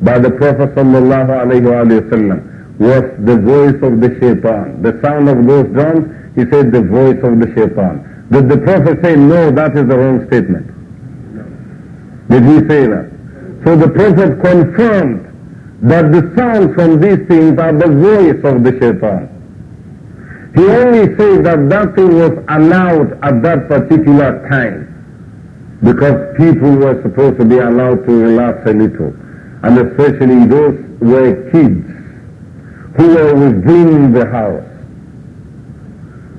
by the Prophet sallallahu alayhi wa sallam was the voice of the shaitan. The sound of those drums, he said the voice of the shaitan. Did the Prophet say, no, that is the wrong statement? Did he say that? So the Prophet confirmed that the sound from these things are the voice of the shaitan. He only said that that thing was allowed at that particular time because people were supposed to be allowed to relax a little. And especially those were kids who are within the house.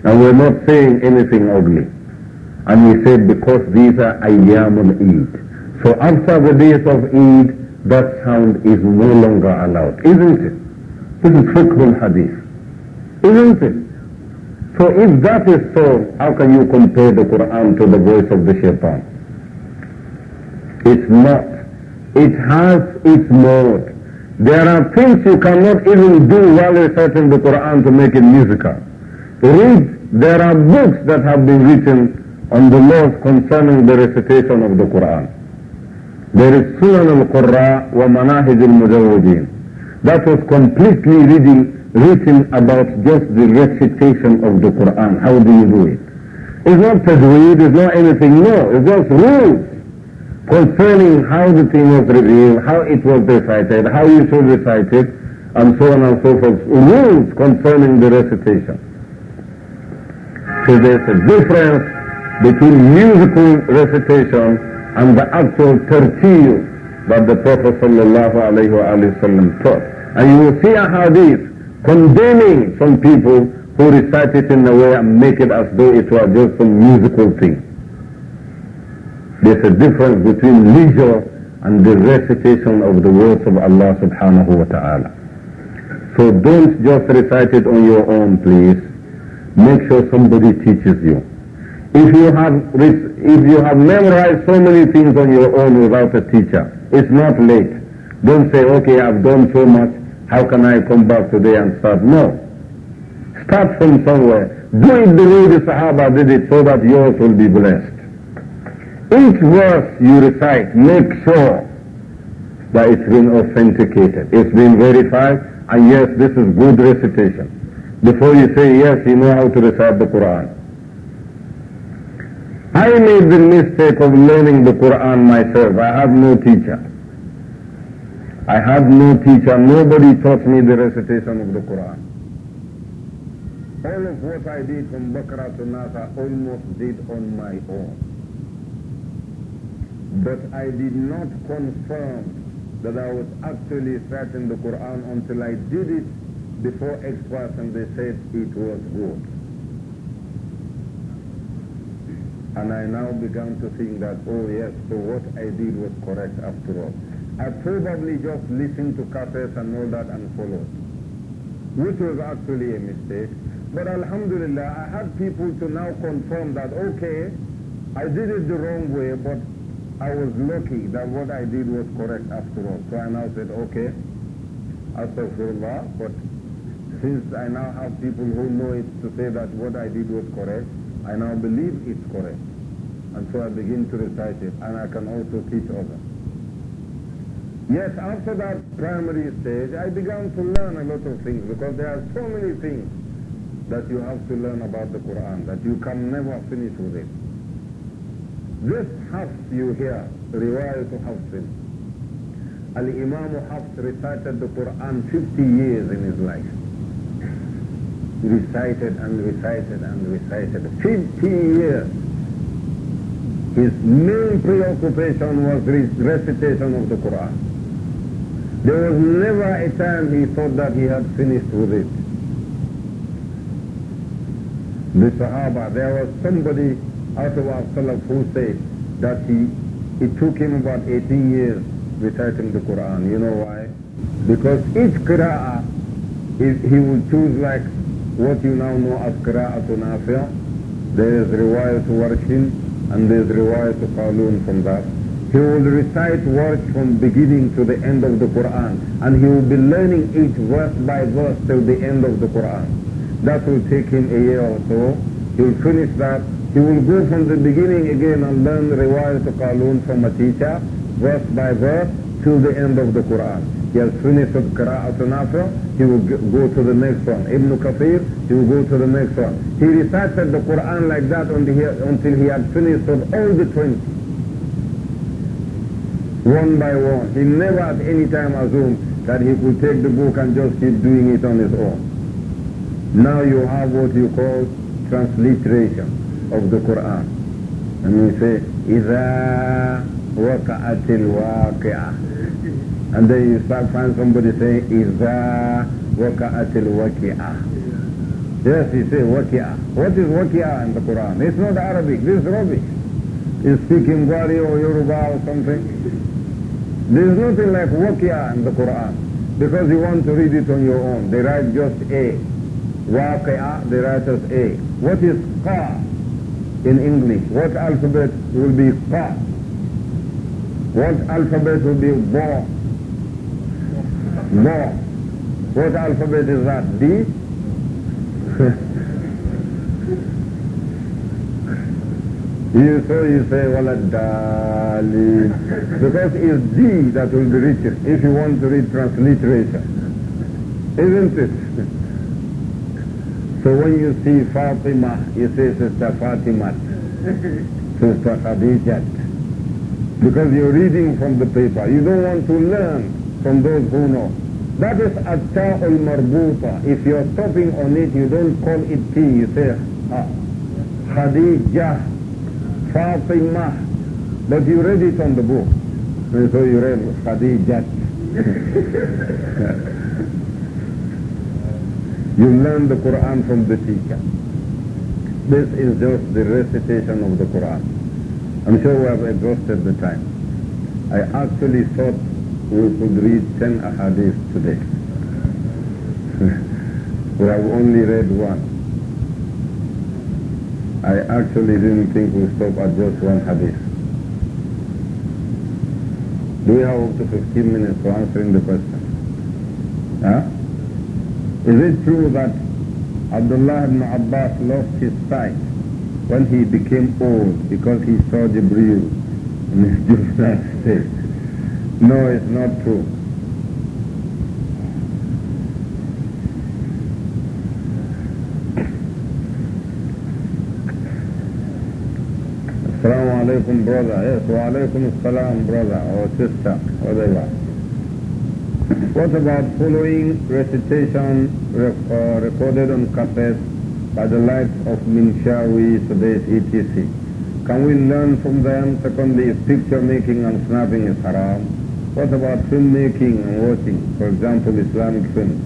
And we're not saying anything ugly. And he said because these are ayyamul Eid. So after the days of Eid, that sound is no longer allowed, isn't it? This is fiqhul hadith, isn't it? So if that is so, how can you compare the Quran to the voice of the shaitan? It's not. It has its mode. There are things you cannot even do while reciting the Quran to make it musical. Read, there are books that have been written on the laws concerning the recitation of the Quran. There is Sunan al-Qurra wa Manahij al-Mujawwideen. That was completely reading, written about just the recitation of the Quran. How do you do it? It's not tajweed, it's not anything, no, it's just rules concerning how the thing was revealed, how it was recited, how you should recite it, and so on and so forth, rules concerning the recitation. So there's a difference between musical recitation and the actual tertil that the Prophet ﷺ taught. And you will see a hadith condemning some people who recite it in a way and make it as though it were just some musical thing. There's a difference between leisure and the recitation of the words of Allah subhanahu wa ta'ala. So don't just recite it on your own, please. Make sure somebody teaches you. If you have, if you have memorized so many things on your own without a teacher, it's not late. Don't say, okay, I've done so much, how can I come back today and start? No. Start from somewhere. Do it the way the Sahaba did it so that yours will be blessed. Each verse you recite, make sure that it's been authenticated, it's been verified, and yes, this is good recitation. Before you say yes, you know how to recite the Quran. I made the mistake of learning the Quran myself. I have no teacher. I had no teacher. Nobody taught me the recitation of the Quran. All of what I did from Bakra to Nasa almost did on my own. But I did not confirm that I was actually reciting the Quran until I did it before experts and they said it was good. And I now began to think that, oh yes, so what I did was correct after all. I probably just listened to cassettes and all that and followed, which was actually a mistake. But alhamdulillah, I had people to now confirm that, okay, I did it the wrong way, but I was lucky that what I did was correct after all. So I now said, okay, astaghfirullah, but since I now have people who know it to say that what I did was correct, I now believe it's correct. And so I begin to recite it, and I can also teach others. Yes, after that primary stage, I began to learn a lot of things because there are so many things that you have to learn about the Quran that you can never finish with it. This house you hear, riwayat to Hafs. Al-Imam Hafs recited the Quran 50 years in his life. Recited and recited and recited. 50 years. His main preoccupation was recitation of the Quran. There was never a time he thought that he had finished with it. The Sahaba, there was somebody Prophet who said that he, it took him about 18 years reciting the Quran. You know why? Because each qira'ah, he will choose like what you now know as qira'atu nafi'ah. There is riwayat warshin and there is to qalun from that. He will recite words from beginning to the end of the Quran and he will be learning each verse by verse till the end of the Quran. That will take him a year or so. He'll finish that he will go from the beginning again and learn Riwayat Qalun from a teacher, verse by verse, till the end of the Quran. He has finished the Qira'at Nafi, he will go to the next one. Ibn Kathir, he will go to the next one. He recited the Quran like that until he had finished all the 20. One by one. He never at any time assumed that he could take the book and just keep doing it on his own. Now you have what you call transliteration of the Quran. And we say, إِذَا وَقَعَتِ الْوَاقِعَةِ And then you start find somebody saying, إِذَا وَقَعَتِ الْوَقِعَةِ Yes, you say wakia. What is wakia in the Quran? It's not Arabic. This is speaking You speak Gwari or Yoruba or something. There's nothing like wakia in the Quran because you want to read it on your own. They write just A. Waqi'a, they write as A. What is Qa? in English? What alphabet will be Ka? What alphabet will be Ba? Ba. What alphabet is that? D? you so you say Waladali. Because it's D that will be written if you want to read transliteration. Isn't it? So when you see Fatima, you say Sister Fatima, Sister Khadijat. Because you're reading from the paper. You don't want to learn from those who know. That is al marbuta. If you're stopping on it, you don't call it T. You say ah, Khadija, Fatima. But you read it on the book. And so you read Khadijat. You learn the Quran from the teacher. This is just the recitation of the Quran. I'm sure we have exhausted the time. I actually thought we could read 10 ahadith today. we have only read one. I actually didn't think we'd stop at just one hadith. Do we have up to 15 minutes for answering the question? Huh? Is it true that Abdullah ibn Abbas lost his sight when he became old because he saw Jibreel in his juvenile state? No, it's not true. Assalamu alaikum brother. Yes, wa alaikum assalam brother or sister, whatever. What about following recitation rec uh, recorded on cassette by the likes of Minshawi, Sudesh, etc.? Can we learn from them? Secondly, if picture making and snapping is haram, what about film making and watching, for example, Islamic films?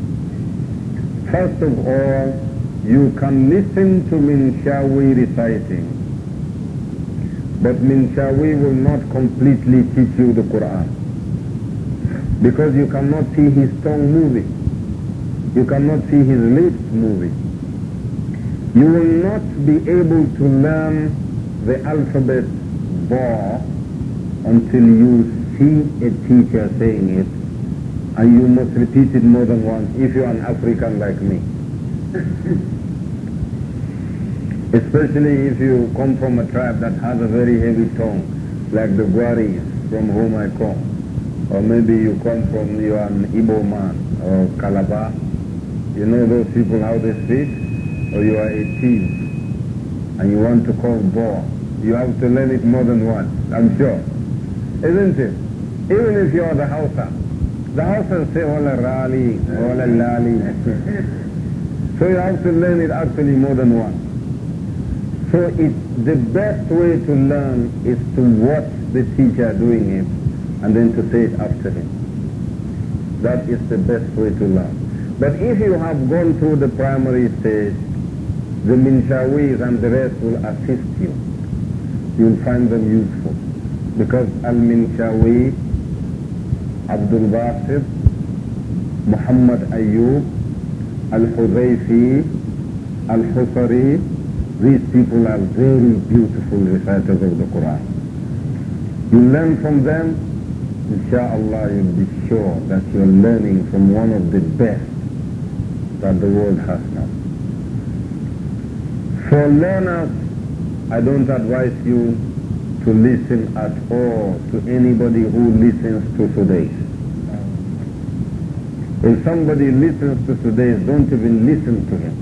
First of all, you can listen to Minshawi reciting, but Minshawi will not completely teach you the Quran because you cannot see his tongue moving. You cannot see his lips moving. You will not be able to learn the alphabet Ba until you see a teacher saying it and you must repeat it more than once if you're an African like me. Especially if you come from a tribe that has a very heavy tongue like the Gwaris from whom I come. Or maybe you come from, you're an um, Igbo man or Calabar. You know those people how they speak? Or you are a thief and you want to call Boer. You have to learn it more than once, I'm sure. Isn't it? Even if you are the Hausa. The Hausa say, Ola Rali, Ola Lali. So you have to learn it actually more than once. So it, the best way to learn is to watch the teacher doing it and then to say it after him. That is the best way to learn. But if you have gone through the primary stage, the minshawis and the rest will assist you. You'll find them useful. Because al-minshawi, Abdul Basit, Muhammad Ayub, Al-Hudayfi, Al-Husari, these people are very beautiful reciters of the Quran. You learn from them Insha'Allah you'll be sure that you're learning from one of the best that the world has now. For learners, I don't advise you to listen at all to anybody who listens to today. If somebody listens to today, don't even listen to him.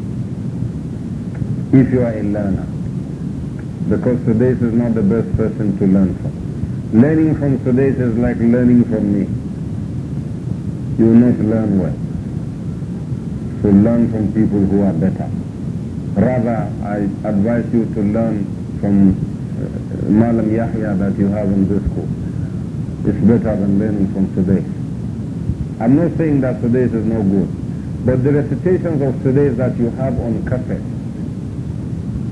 If you are a learner. Because today is not the best person to learn from. Learning from Sudesh is like learning from me. You will not learn well. So learn from people who are better. Rather, I advise you to learn from uh, Malam Yahya that you have in this school. It's better than learning from Sudesh. I'm not saying that Sudesh is no good, but the recitations of Sudesh that you have on cassette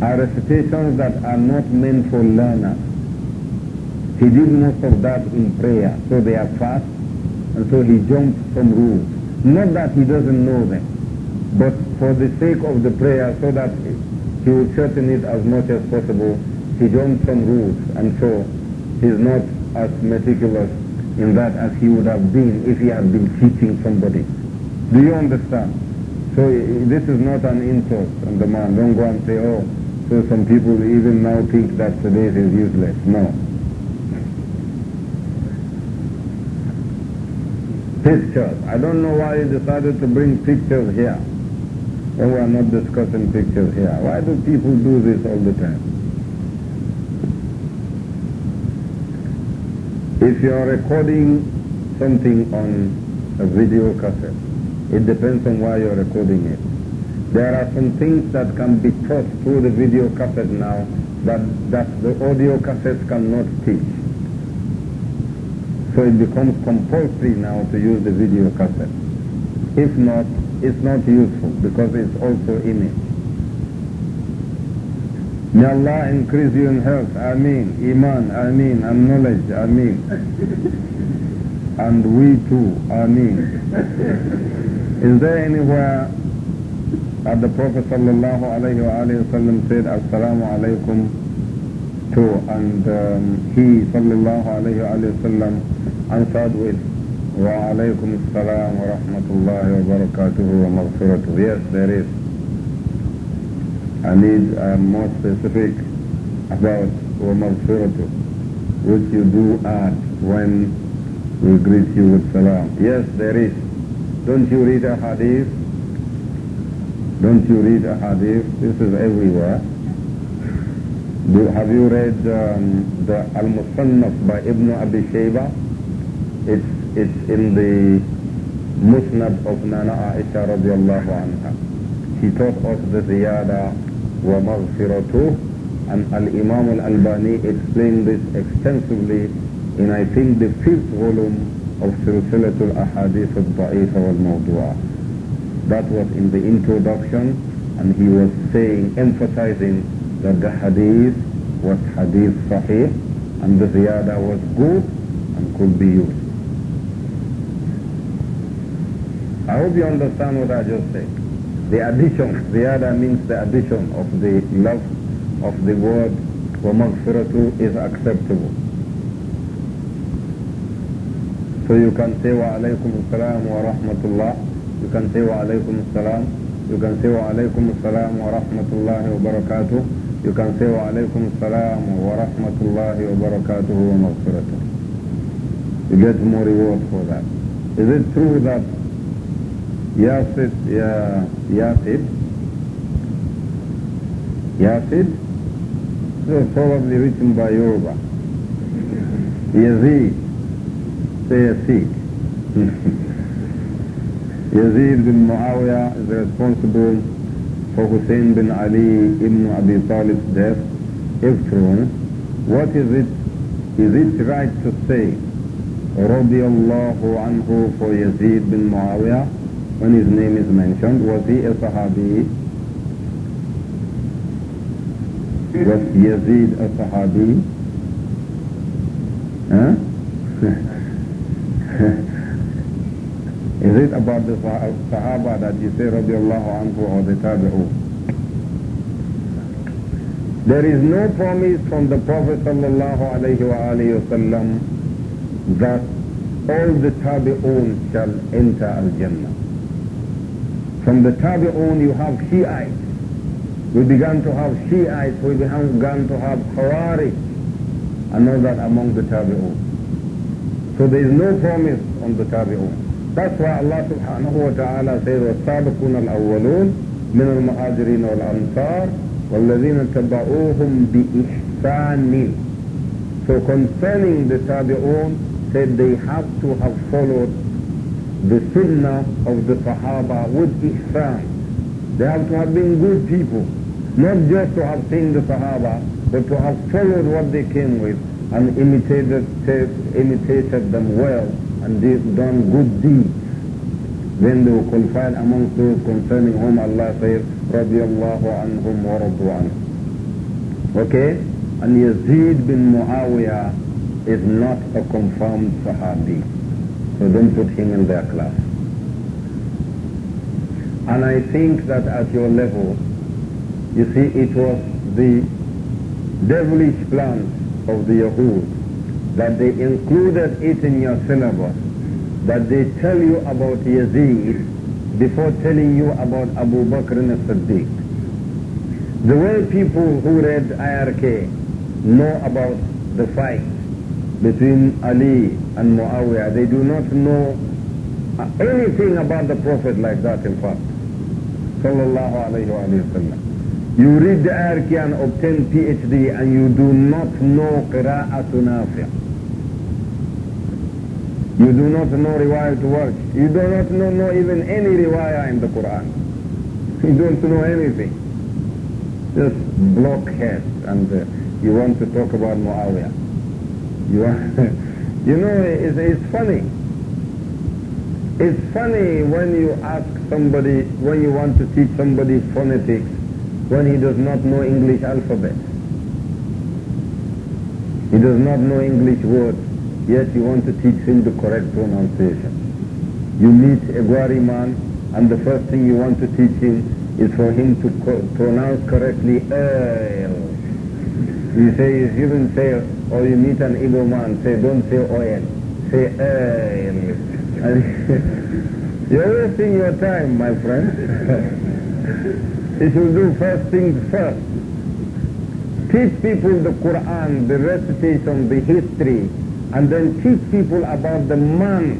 are recitations that are not meant for learners he did most of that in prayer, so they are fast, and so he jumped from roofs. Not that he doesn't know them, but for the sake of the prayer, so that he would shorten it as much as possible, he jumped from roofs, and so he's not as meticulous in that as he would have been if he had been teaching somebody. Do you understand? So this is not an insult on the man. Don't go and say, oh, so some people even now think that today is useless. No. pictures. I don't know why you decided to bring pictures here. Oh, we are not discussing pictures here. Why do people do this all the time? If you are recording something on a video cassette, it depends on why you're recording it. There are some things that can be taught through the video cassette now that, that the audio cassettes cannot teach. So it becomes compulsory now to use the video cassette. If not, it's not useful because it's also image. May Allah increase you in health, Ameen, Iman, Ameen, and knowledge, Ameen. And we too, Ameen. Is there anywhere that the Prophet sallallahu alayhi wa said, Assalamu alaykum" to, and um, he sallallahu alayhi wa عن سعد ويل وعليكم السلام ورحمة الله وبركاته ومغفرته yes there is I need uh, more specific about ومغفرته which you do add when we greet you with salam yes there is don't you read a hadith don't you read a hadith this is everywhere do, have you read um, the Al-Musannaf by Ibn Abi Shaybah It's, it's in the Musnad of Nana Aisha radiallahu anha. He taught us the ziyada wa maghfiratu, and Al-Imam Al-Albani explained this extensively in I think the fifth volume of Silsilatul Ahadith Al-Da'ifa al mawdua That was in the introduction and he was saying, emphasizing that the hadith was hadith sahih and the ziyada was good and could be used. I hope you understand what I just said. The addition, the other means the addition of the love of the word for وَمَغْفِرَةُ is acceptable. So you can say wa alaykum salam wa rahmatullah. You can say wa alaykum salam. You can say wa alaykum salam wa rahmatullahi wa barakatuh. You can say wa alaykum salam wa rahmatullahi wa barakatuh wa maghfiratuh. You get more reward for that. Is it true that Yasid, ya, Yasid, Yasid. so probably written by Yoruba. Yazid, say Yazid. Yazid bin Muawiyah is responsible for Hussein bin Ali ibn Abi Talib's death, if true. What is it? Is it right to say, رضي الله Anhu for Yazid bin Muawiyah? when his name is mentioned, was he a Sahabi? Was Yazid a Sahabi? Huh? is it about the Sahaba that you say radiallahu anhu or the Tabi'u? There is no promise from the Prophet sallallahu alayhi wa alayhi wasallam that all the Tabi'un shall enter Al-Jannah. From the Tabi'un you have Shiites. We began to have Shiites, we began to have Khawarij, and all that among the Tabi'un. So there is no promise on the Tabi'un. That's why Allah subhanahu wa ta'ala says, وَالسَّابِقُونَ الْأَوَّلُونَ من المهاجرين والأنصار والذين تبعوهم بإحسان So concerning the Tabi'un, said they have to have followed the sunnah of the Sahaba with ihsan. They have to have been good people, not just to have seen the Sahaba, but to have followed what they came with and imitated, imitated them well and done good deeds. Then they were qualified amongst those concerning whom Allah says, رضي الله wa ورضوا عنه. Okay? And Yazid bin Muawiyah is not a confirmed Sahabi. So don't put him in their class. And I think that at your level, you see, it was the devilish plans of the Yahud that they included it in your syllabus, that they tell you about Yazid before telling you about Abu Bakr and Siddiq. The way people who read IRK know about the fight between Ali and Muawiyah, they do not know anything about the Prophet like that in fact. Sallallahu alayhi wa You read the Arki and obtain PhD and you do not know Qira'atu Nafi'ah. You do not know riwayah to work. You do not know, know even any riwayah in the Quran. You don't know anything. Just blockhead and uh, you want to talk about Muawiyah. You want You know, it's, it's funny. It's funny when you ask somebody, when you want to teach somebody phonetics, when he does not know English alphabet. He does not know English words, yet you want to teach him the correct pronunciation. You meet a Gwari man, and the first thing you want to teach him is for him to co pronounce correctly, Earl. You say if not say, or you meet an evil man, say don't say oil, say oil. You're wasting your time, my friend. you should do first things first. Teach people the Quran, the recitation, the history, and then teach people about the man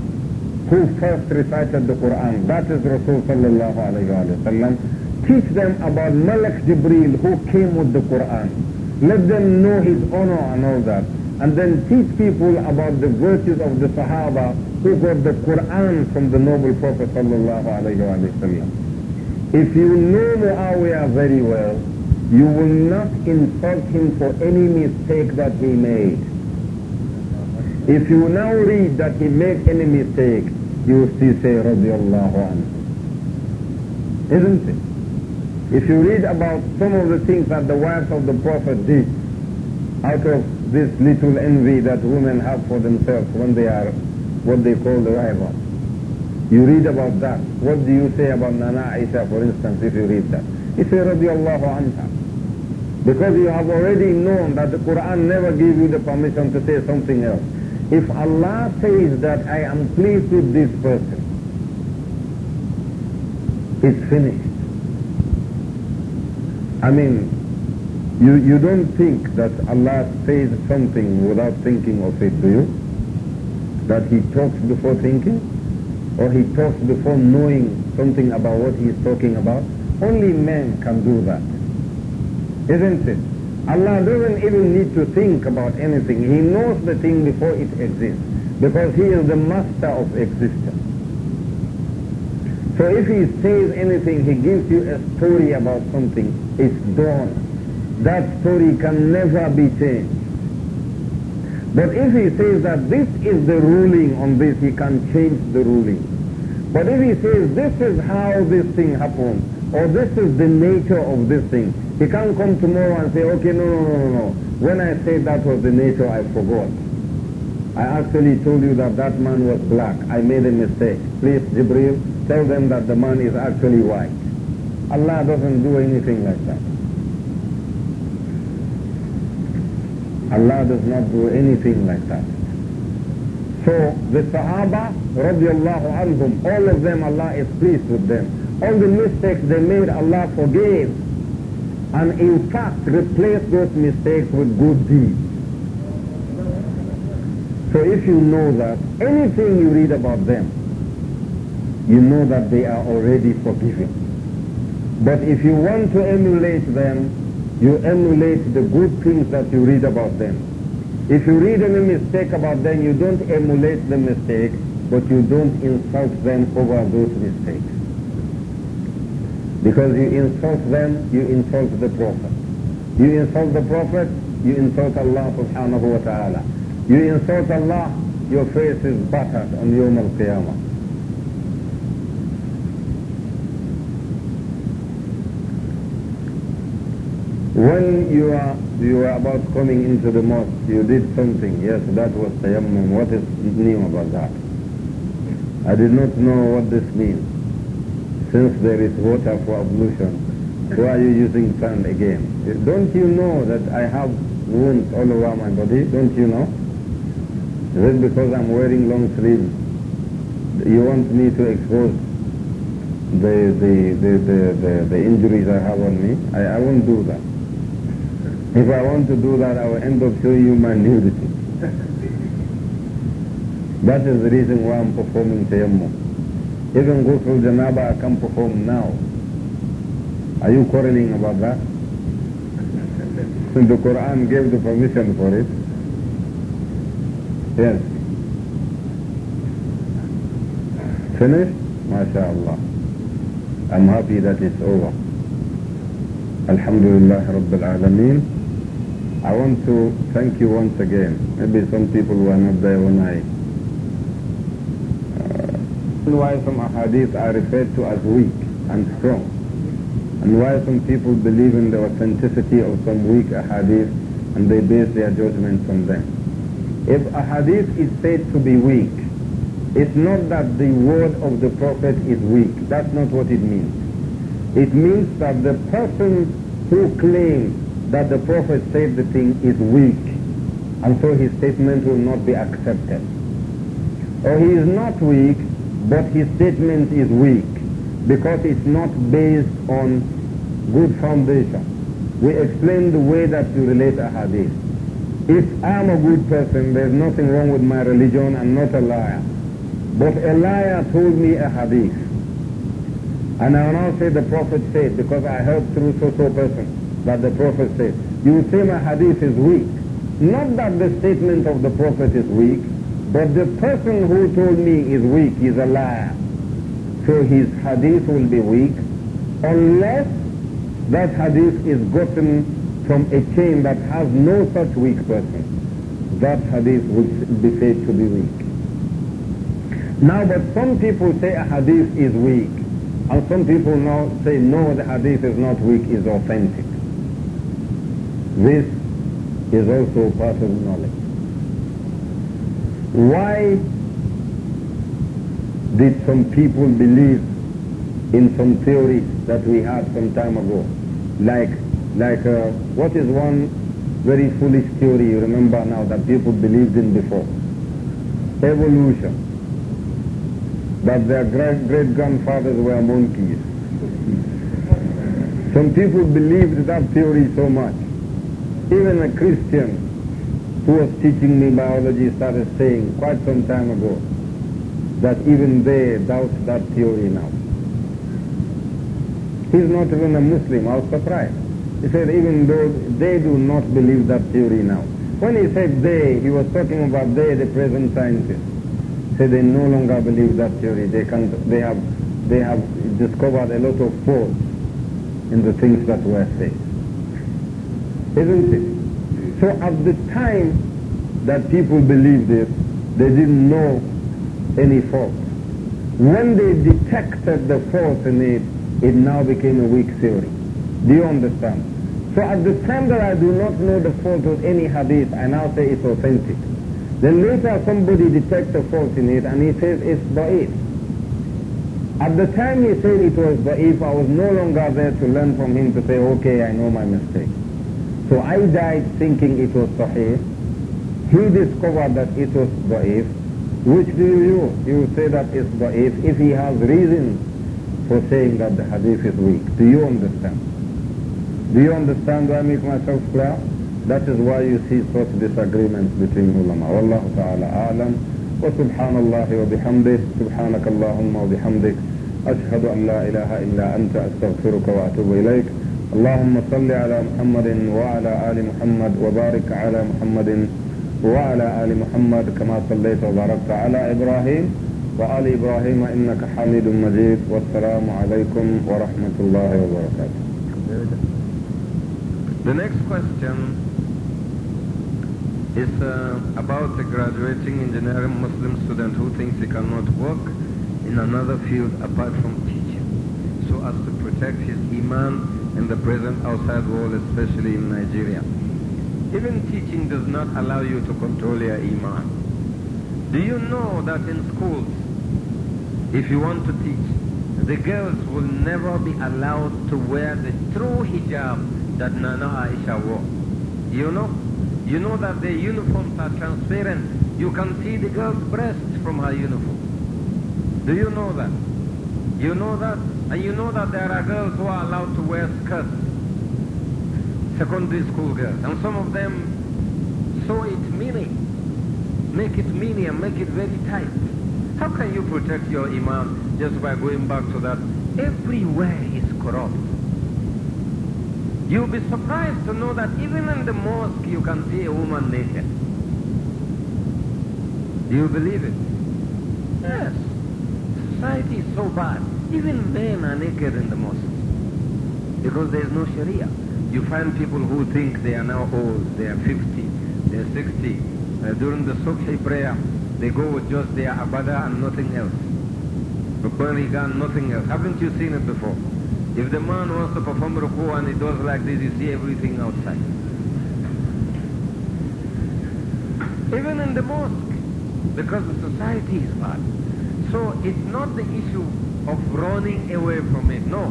who first recited the Quran. That is Rasul sallallahu alayhi wa Teach them about Malak Jibril who came with the Quran. Let them know his honor and all that. And then teach people about the virtues of the Sahaba who got the Quran from the noble Prophet sallallahu alayhi wa If you know Muawiyah very well, you will not insult him for any mistake that he made. If you now read that he made any mistake, you will still say, radiallahu anhu. Isn't it? If you read about some of the things that the wives of the Prophet did out of this little envy that women have for themselves when they are what they call the rival, you read about that. What do you say about Nana Aisha, for instance, if you read that? You say, radiallahu anha. Because you have already known that the Quran never gave you the permission to say something else. If Allah says that I am pleased with this person, it's finished. I mean, you, you don't think that Allah says something without thinking of it, do you? That He talks before thinking? Or He talks before knowing something about what He is talking about? Only men can do that. Isn't it? Allah doesn't even need to think about anything. He knows the thing before it exists. Because He is the master of existence. So if he says anything, he gives you a story about something, it's gone. That story can never be changed. But if he says that this is the ruling on this, he can change the ruling. But if he says this is how this thing happened, or this is the nature of this thing, he can't come tomorrow and say, okay, no, no, no, no, When I said that was the nature, I forgot. I actually told you that that man was black. I made a mistake. Please, Jibril, tell them that the man is actually white. Allah doesn't do anything like that. Allah does not do anything like that. So the Sahaba, radiallahu anhum, all of them, Allah is pleased with them. All the mistakes they made, Allah forgave. And in fact, replaced those mistakes with good deeds. So if you know that, anything you read about them, you know that they are already forgiven. But if you want to emulate them, you emulate the good things that you read about them. If you read any mistake about them, you don't emulate the mistake, but you don't insult them over those mistakes. Because you insult them, you insult the Prophet. You insult the Prophet, you insult Allah subhanahu wa ta'ala. You insult Allah, your face is battered on Yom al-Qiyamah. When you are you are about coming into the mosque, you did something. Yes, that was tayammum. What is new about that? I did not know what this means. Since there is water for ablution, why are you using sand again? Don't you know that I have wounds all over my body? Don't you know? Is it because I'm wearing long sleeves? You want me to expose the the the the, the, the injuries I have on me? I, I won't do that. If I want to do that, I will end up showing you my nudity. that is the reason why I'm performing tayammum. Even go through janaba, I can perform now. Are you quarreling about that? the Quran gave the permission for it. Yes. Finished? MashaAllah. I'm happy that it's over. الحمد لله رب العالمين I want to thank you once again. Maybe some people were not there when I. Uh, why some hadith are referred to as weak and strong, and why some people believe in the authenticity of some weak hadith and they base their judgments on them. If a hadith is said to be weak, it's not that the word of the Prophet is weak. That's not what it means. It means that the person who claims that the Prophet said the thing is weak, and so his statement will not be accepted. Or oh, he is not weak, but his statement is weak because it's not based on good foundation. We explain the way that you relate a hadith. If I'm a good person, there's nothing wrong with my religion, I'm not a liar. But a liar told me a hadith. And I will now say the Prophet said, because I heard through so-so person that the Prophet said. You say my hadith is weak. Not that the statement of the Prophet is weak, but the person who told me is weak is a liar. So his hadith will be weak unless that hadith is gotten from a chain that has no such weak person. That hadith would be said to be weak. Now, that some people say a hadith is weak, and some people now say no, the hadith is not weak, is authentic. This is also part of knowledge. Why did some people believe in some theory that we had some time ago? Like, like uh, what is one very foolish theory you remember now that people believed in before? Evolution. That their great great grandfathers were monkeys. Some people believed that theory so much even a Christian who was teaching me biology started saying quite some time ago that even they doubt that theory now. He's not even a Muslim, I was surprised. He said even though they do not believe that theory now. When he said they, he was talking about they, the present scientists. Say they no longer believe that theory. They, can, they, have, they have discovered a lot of faults in the things that were said. Isn't it? So at the time that people believed it, they didn't know any fault. When they detected the fault in it, it now became a weak theory. Do you understand? So at the time that I do not know the fault of any hadith, I now say it's authentic. Then later somebody detects a fault in it and he says it's da'if. At the time he said it was da'if, I was no longer there to learn from him to say, okay, I know my mistake. So I died thinking it was sahih. He discovered that it was da'if. Which do you use? You say that it's da'if if he has reason for saying that the hadith is weak. Do you understand? Do you understand? Do I make myself clear? That is why you see such disagreements between ulama. Wallahu ta'ala a'lam. Subhanallah wa وبحمده Subhanakallahumma اللهم وبحمدك أشهد أن لا إله إلا أنت أستغفرك وأتوب إليك اللهم صل على محمد وعلى آل محمد وبارك على محمد وعلى آل محمد كما صليت وباركت على إبراهيم وآل إبراهيم إنك حميد مجيد والسلام عليكم ورحمة الله وبركاته The next question is uh, about a graduating engineering Muslim student who thinks he cannot work in another field apart from teaching so as to protect his iman in the present outside world, especially in Nigeria. Even teaching does not allow you to control your iman. Do you know that in schools, if you want to teach, the girls will never be allowed to wear the true hijab that Nana Aisha wore. You know? You know that their uniforms are transparent. You can see the girl's breasts from her uniform. Do you know that? You know that? And you know that there are girls who are allowed to wear skirts, secondary school girls, and some of them sew it mini, make it mini and make it very tight. How can you protect your imam just by going back to that? Everywhere is corrupt. You'll be surprised to know that even in the mosque you can see a woman naked. Do you believe it? Yes. Society is so bad. Even men are naked in the mosques because there is no Sharia. You find people who think they are now old, they are 50, they are 60. Uh, during the Subhi prayer, they go with just their abada and nothing else. Burning gun, nothing else. Haven't you seen it before? If the man wants to perform ruku and he does like this, you see everything outside. Even in the mosque, because the society is bad. So it's not the issue of running away from it. No.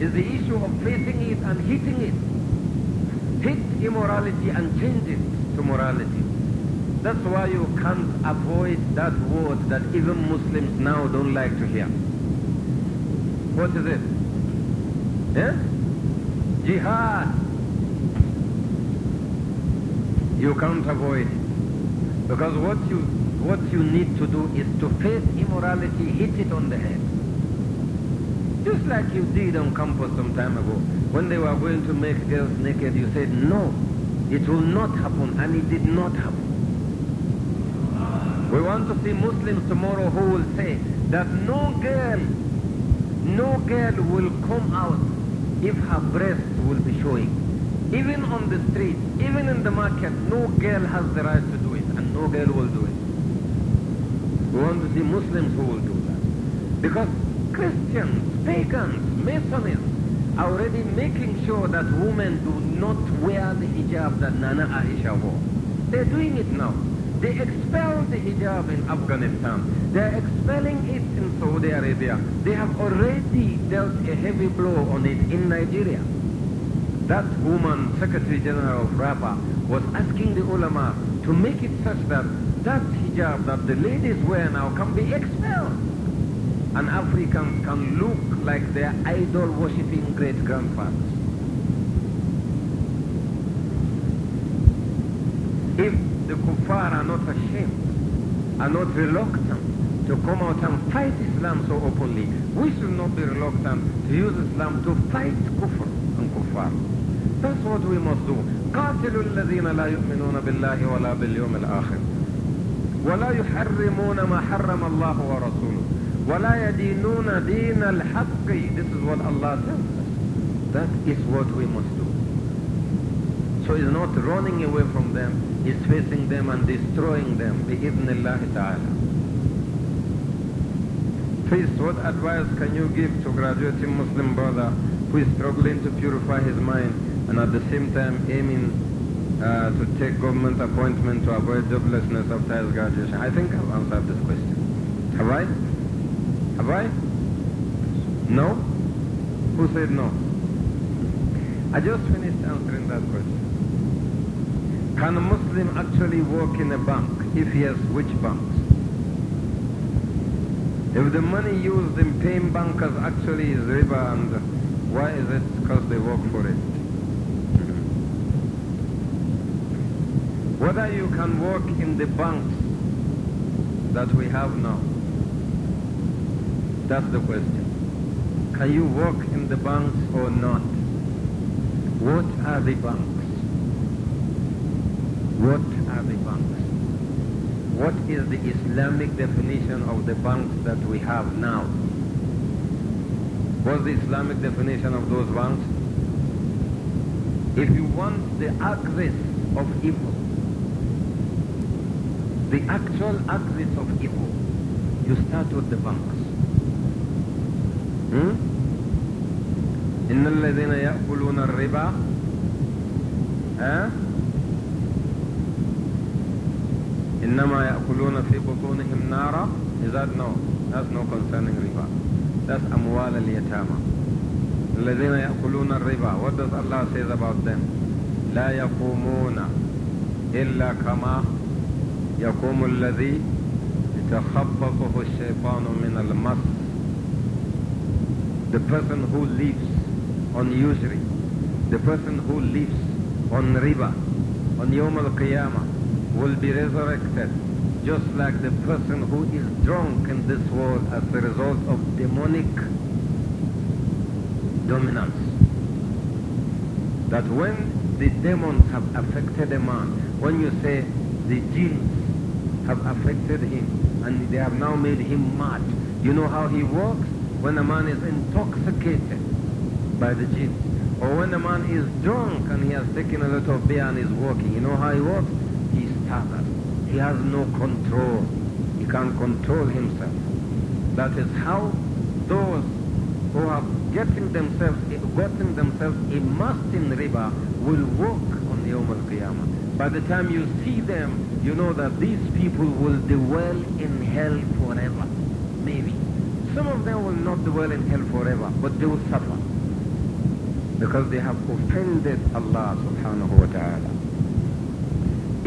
It's the issue of facing it and hitting it. Hit immorality and change it to morality. That's why you can't avoid that word that even Muslims now don't like to hear. What is it? Yeah, Jihad. You can't avoid it. Because what you, what you need to do is to face immorality, hit it on the head. Just like you did on campus some time ago. When they were going to make girls naked, you said, no, it will not happen, and it did not happen. We want to see Muslims tomorrow who will say that no girl, no girl will come out if her breast will be showing. Even on the street, even in the market, no girl has the right to do it, and no girl will do it. We want to see Muslims who will do that. Because Christians pagans, are already making sure that women do not wear the hijab that Nana Aisha wore. They're doing it now. They expelled the hijab in Afghanistan. They're expelling it in Saudi Arabia. They have already dealt a heavy blow on it in Nigeria. That woman, Secretary General of RAPA, was asking the ulama to make it such that that hijab that the ladies wear now can be expelled an African can look like their idol worshipping great grandfathers. If the kuffar are not ashamed, are not reluctant to come out and fight Islam so openly, we should not be reluctant to use Islam to fight kufr and kuffar. That's what we must do. قاتلوا الذين لا يؤمنون بالله ولا باليوم الآخر ولا يحرمون ما حرم الله ورسوله وَلَا يَدِينُونَ دِينَ الْحَقِّ This is what Allah tells us. That is what we must do. So it's not running away from them, it's facing them and destroying them. بِإِذْنِ اللَّهِ تَعَالَى Please, what advice can you give to graduating Muslim brother who is struggling to purify his mind and at the same time aiming uh, to take government appointment to avoid joblessness after his graduation? I think I've answered this question. Have I? Have I? No? Who said no? I just finished answering that question. Can a Muslim actually work in a bank? If yes, which banks? If the money used in paying bankers actually is riba and why is it? Because they work for it. Whether you can work in the banks that we have now, that's the question. Can you walk in the banks or not? What are the banks? What are the banks? What is the Islamic definition of the banks that we have now? What's the Islamic definition of those banks? If you want the axis of evil, the actual axis of evil, you start with the banks. إن الذين يأكلون الربا ها إنما يأكلون في بطونهم نارا Is that no? That's no concerning riba. That's أموال اليتامى. الذين يأكلون الربا What does Allah say about them? لا يقومون إلا كما يقوم الذي يتخبطه الشيطان من المصر the person who lives on usury, the person who lives on riba, on Yom Al Qiyamah, will be resurrected just like the person who is drunk in this world as a result of demonic dominance. That when the demons have affected a man, when you say the demons have affected him and they have now made him mad, you know how he walks? when a man is intoxicated by the jinn, or when a man is drunk and he has taken a lot of beer and is walking, you know how he walks? He staggers. He has no control. He can't control himself. That is how those who have getting themselves, gotten themselves immersed in river, will walk on the Yawm al-Qiyamah. By the time you see them, you know that these people will dwell in hell some of them will not dwell in hell forever, but they will suffer because they have offended Allah subhanahu wa ta'ala.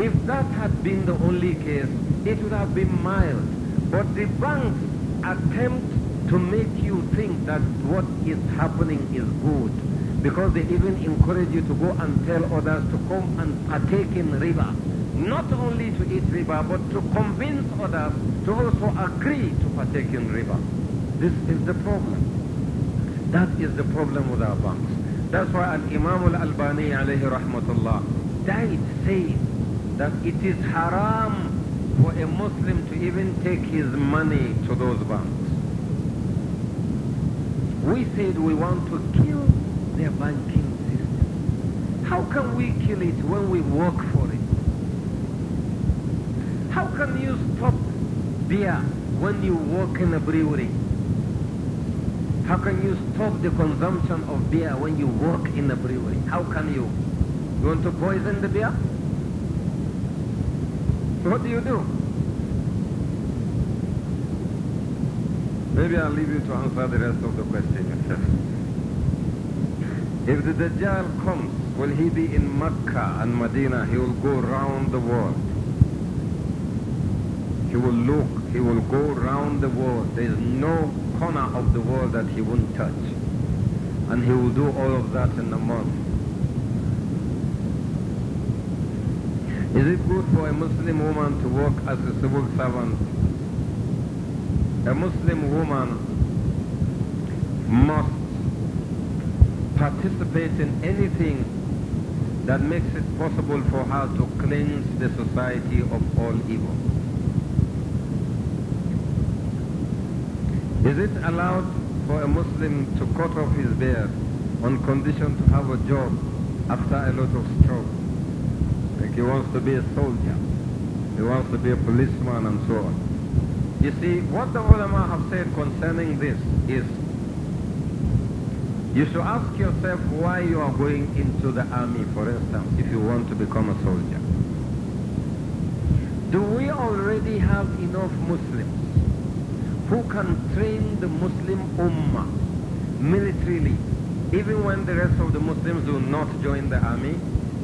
If that had been the only case, it would have been mild. But the banks attempt to make you think that what is happening is good because they even encourage you to go and tell others to come and partake in riba. Not only to eat riba, but to convince others to also agree to partake in riba. This is the problem. That is the problem with our banks. That's why an Imam al-Albani alayhi rahmatullah died saying that it is haram for a Muslim to even take his money to those banks. We said we want to kill their banking system. How can we kill it when we work for it? How can you stop beer when you work in a brewery? How can you stop the consumption of beer when you work in the brewery? How can you? You want to poison the beer? What do you do? Maybe I'll leave you to answer the rest of the question yourself. If the Dajjal comes, will he be in Mecca and Medina? He will go round the world. He will look, he will go round the world. There is no corner of the world that he won't touch. And he will do all of that in a month. Is it good for a Muslim woman to work as a civil servant? A Muslim woman must participate in anything that makes it possible for her to cleanse the society of all evil. Is it allowed for a Muslim to cut off his beard on condition to have a job after a lot of struggle? Like he wants to be a soldier, he wants to be a policeman and so on. You see, what the ulama have said concerning this is you should ask yourself why you are going into the army, for instance, if you want to become a soldier. Do we already have enough Muslims who can Train the Muslim Ummah militarily, even when the rest of the Muslims do not join the army.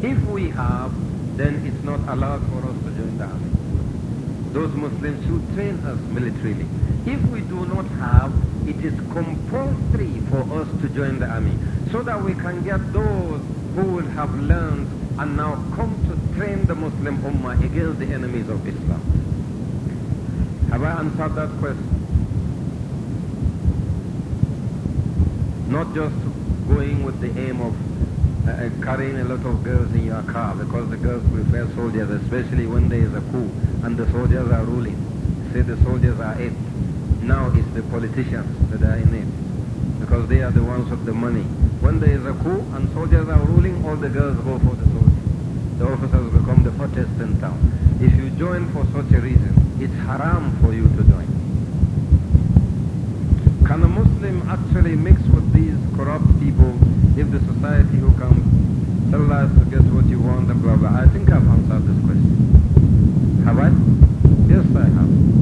If we have, then it's not allowed for us to join the army. Those Muslims should train us militarily. If we do not have, it is compulsory for us to join the army, so that we can get those who will have learned and now come to train the Muslim Ummah against the enemies of Islam. Have I answered that question? Not just going with the aim of uh, uh, carrying a lot of girls in your car because the girls prefer soldiers, especially when there is a coup and the soldiers are ruling. Say the soldiers are it. Now it's the politicians that are in it because they are the ones with the money. When there is a coup and soldiers are ruling, all the girls go for the soldiers. The officers become the hottest in town. If you join for such a reason, it's haram for you to join. Can a Muslim actually mix with these corrupt people, if the society who comes tell us to get what you want and blah blah. I think I've answered this question. Have I? Yes, I have.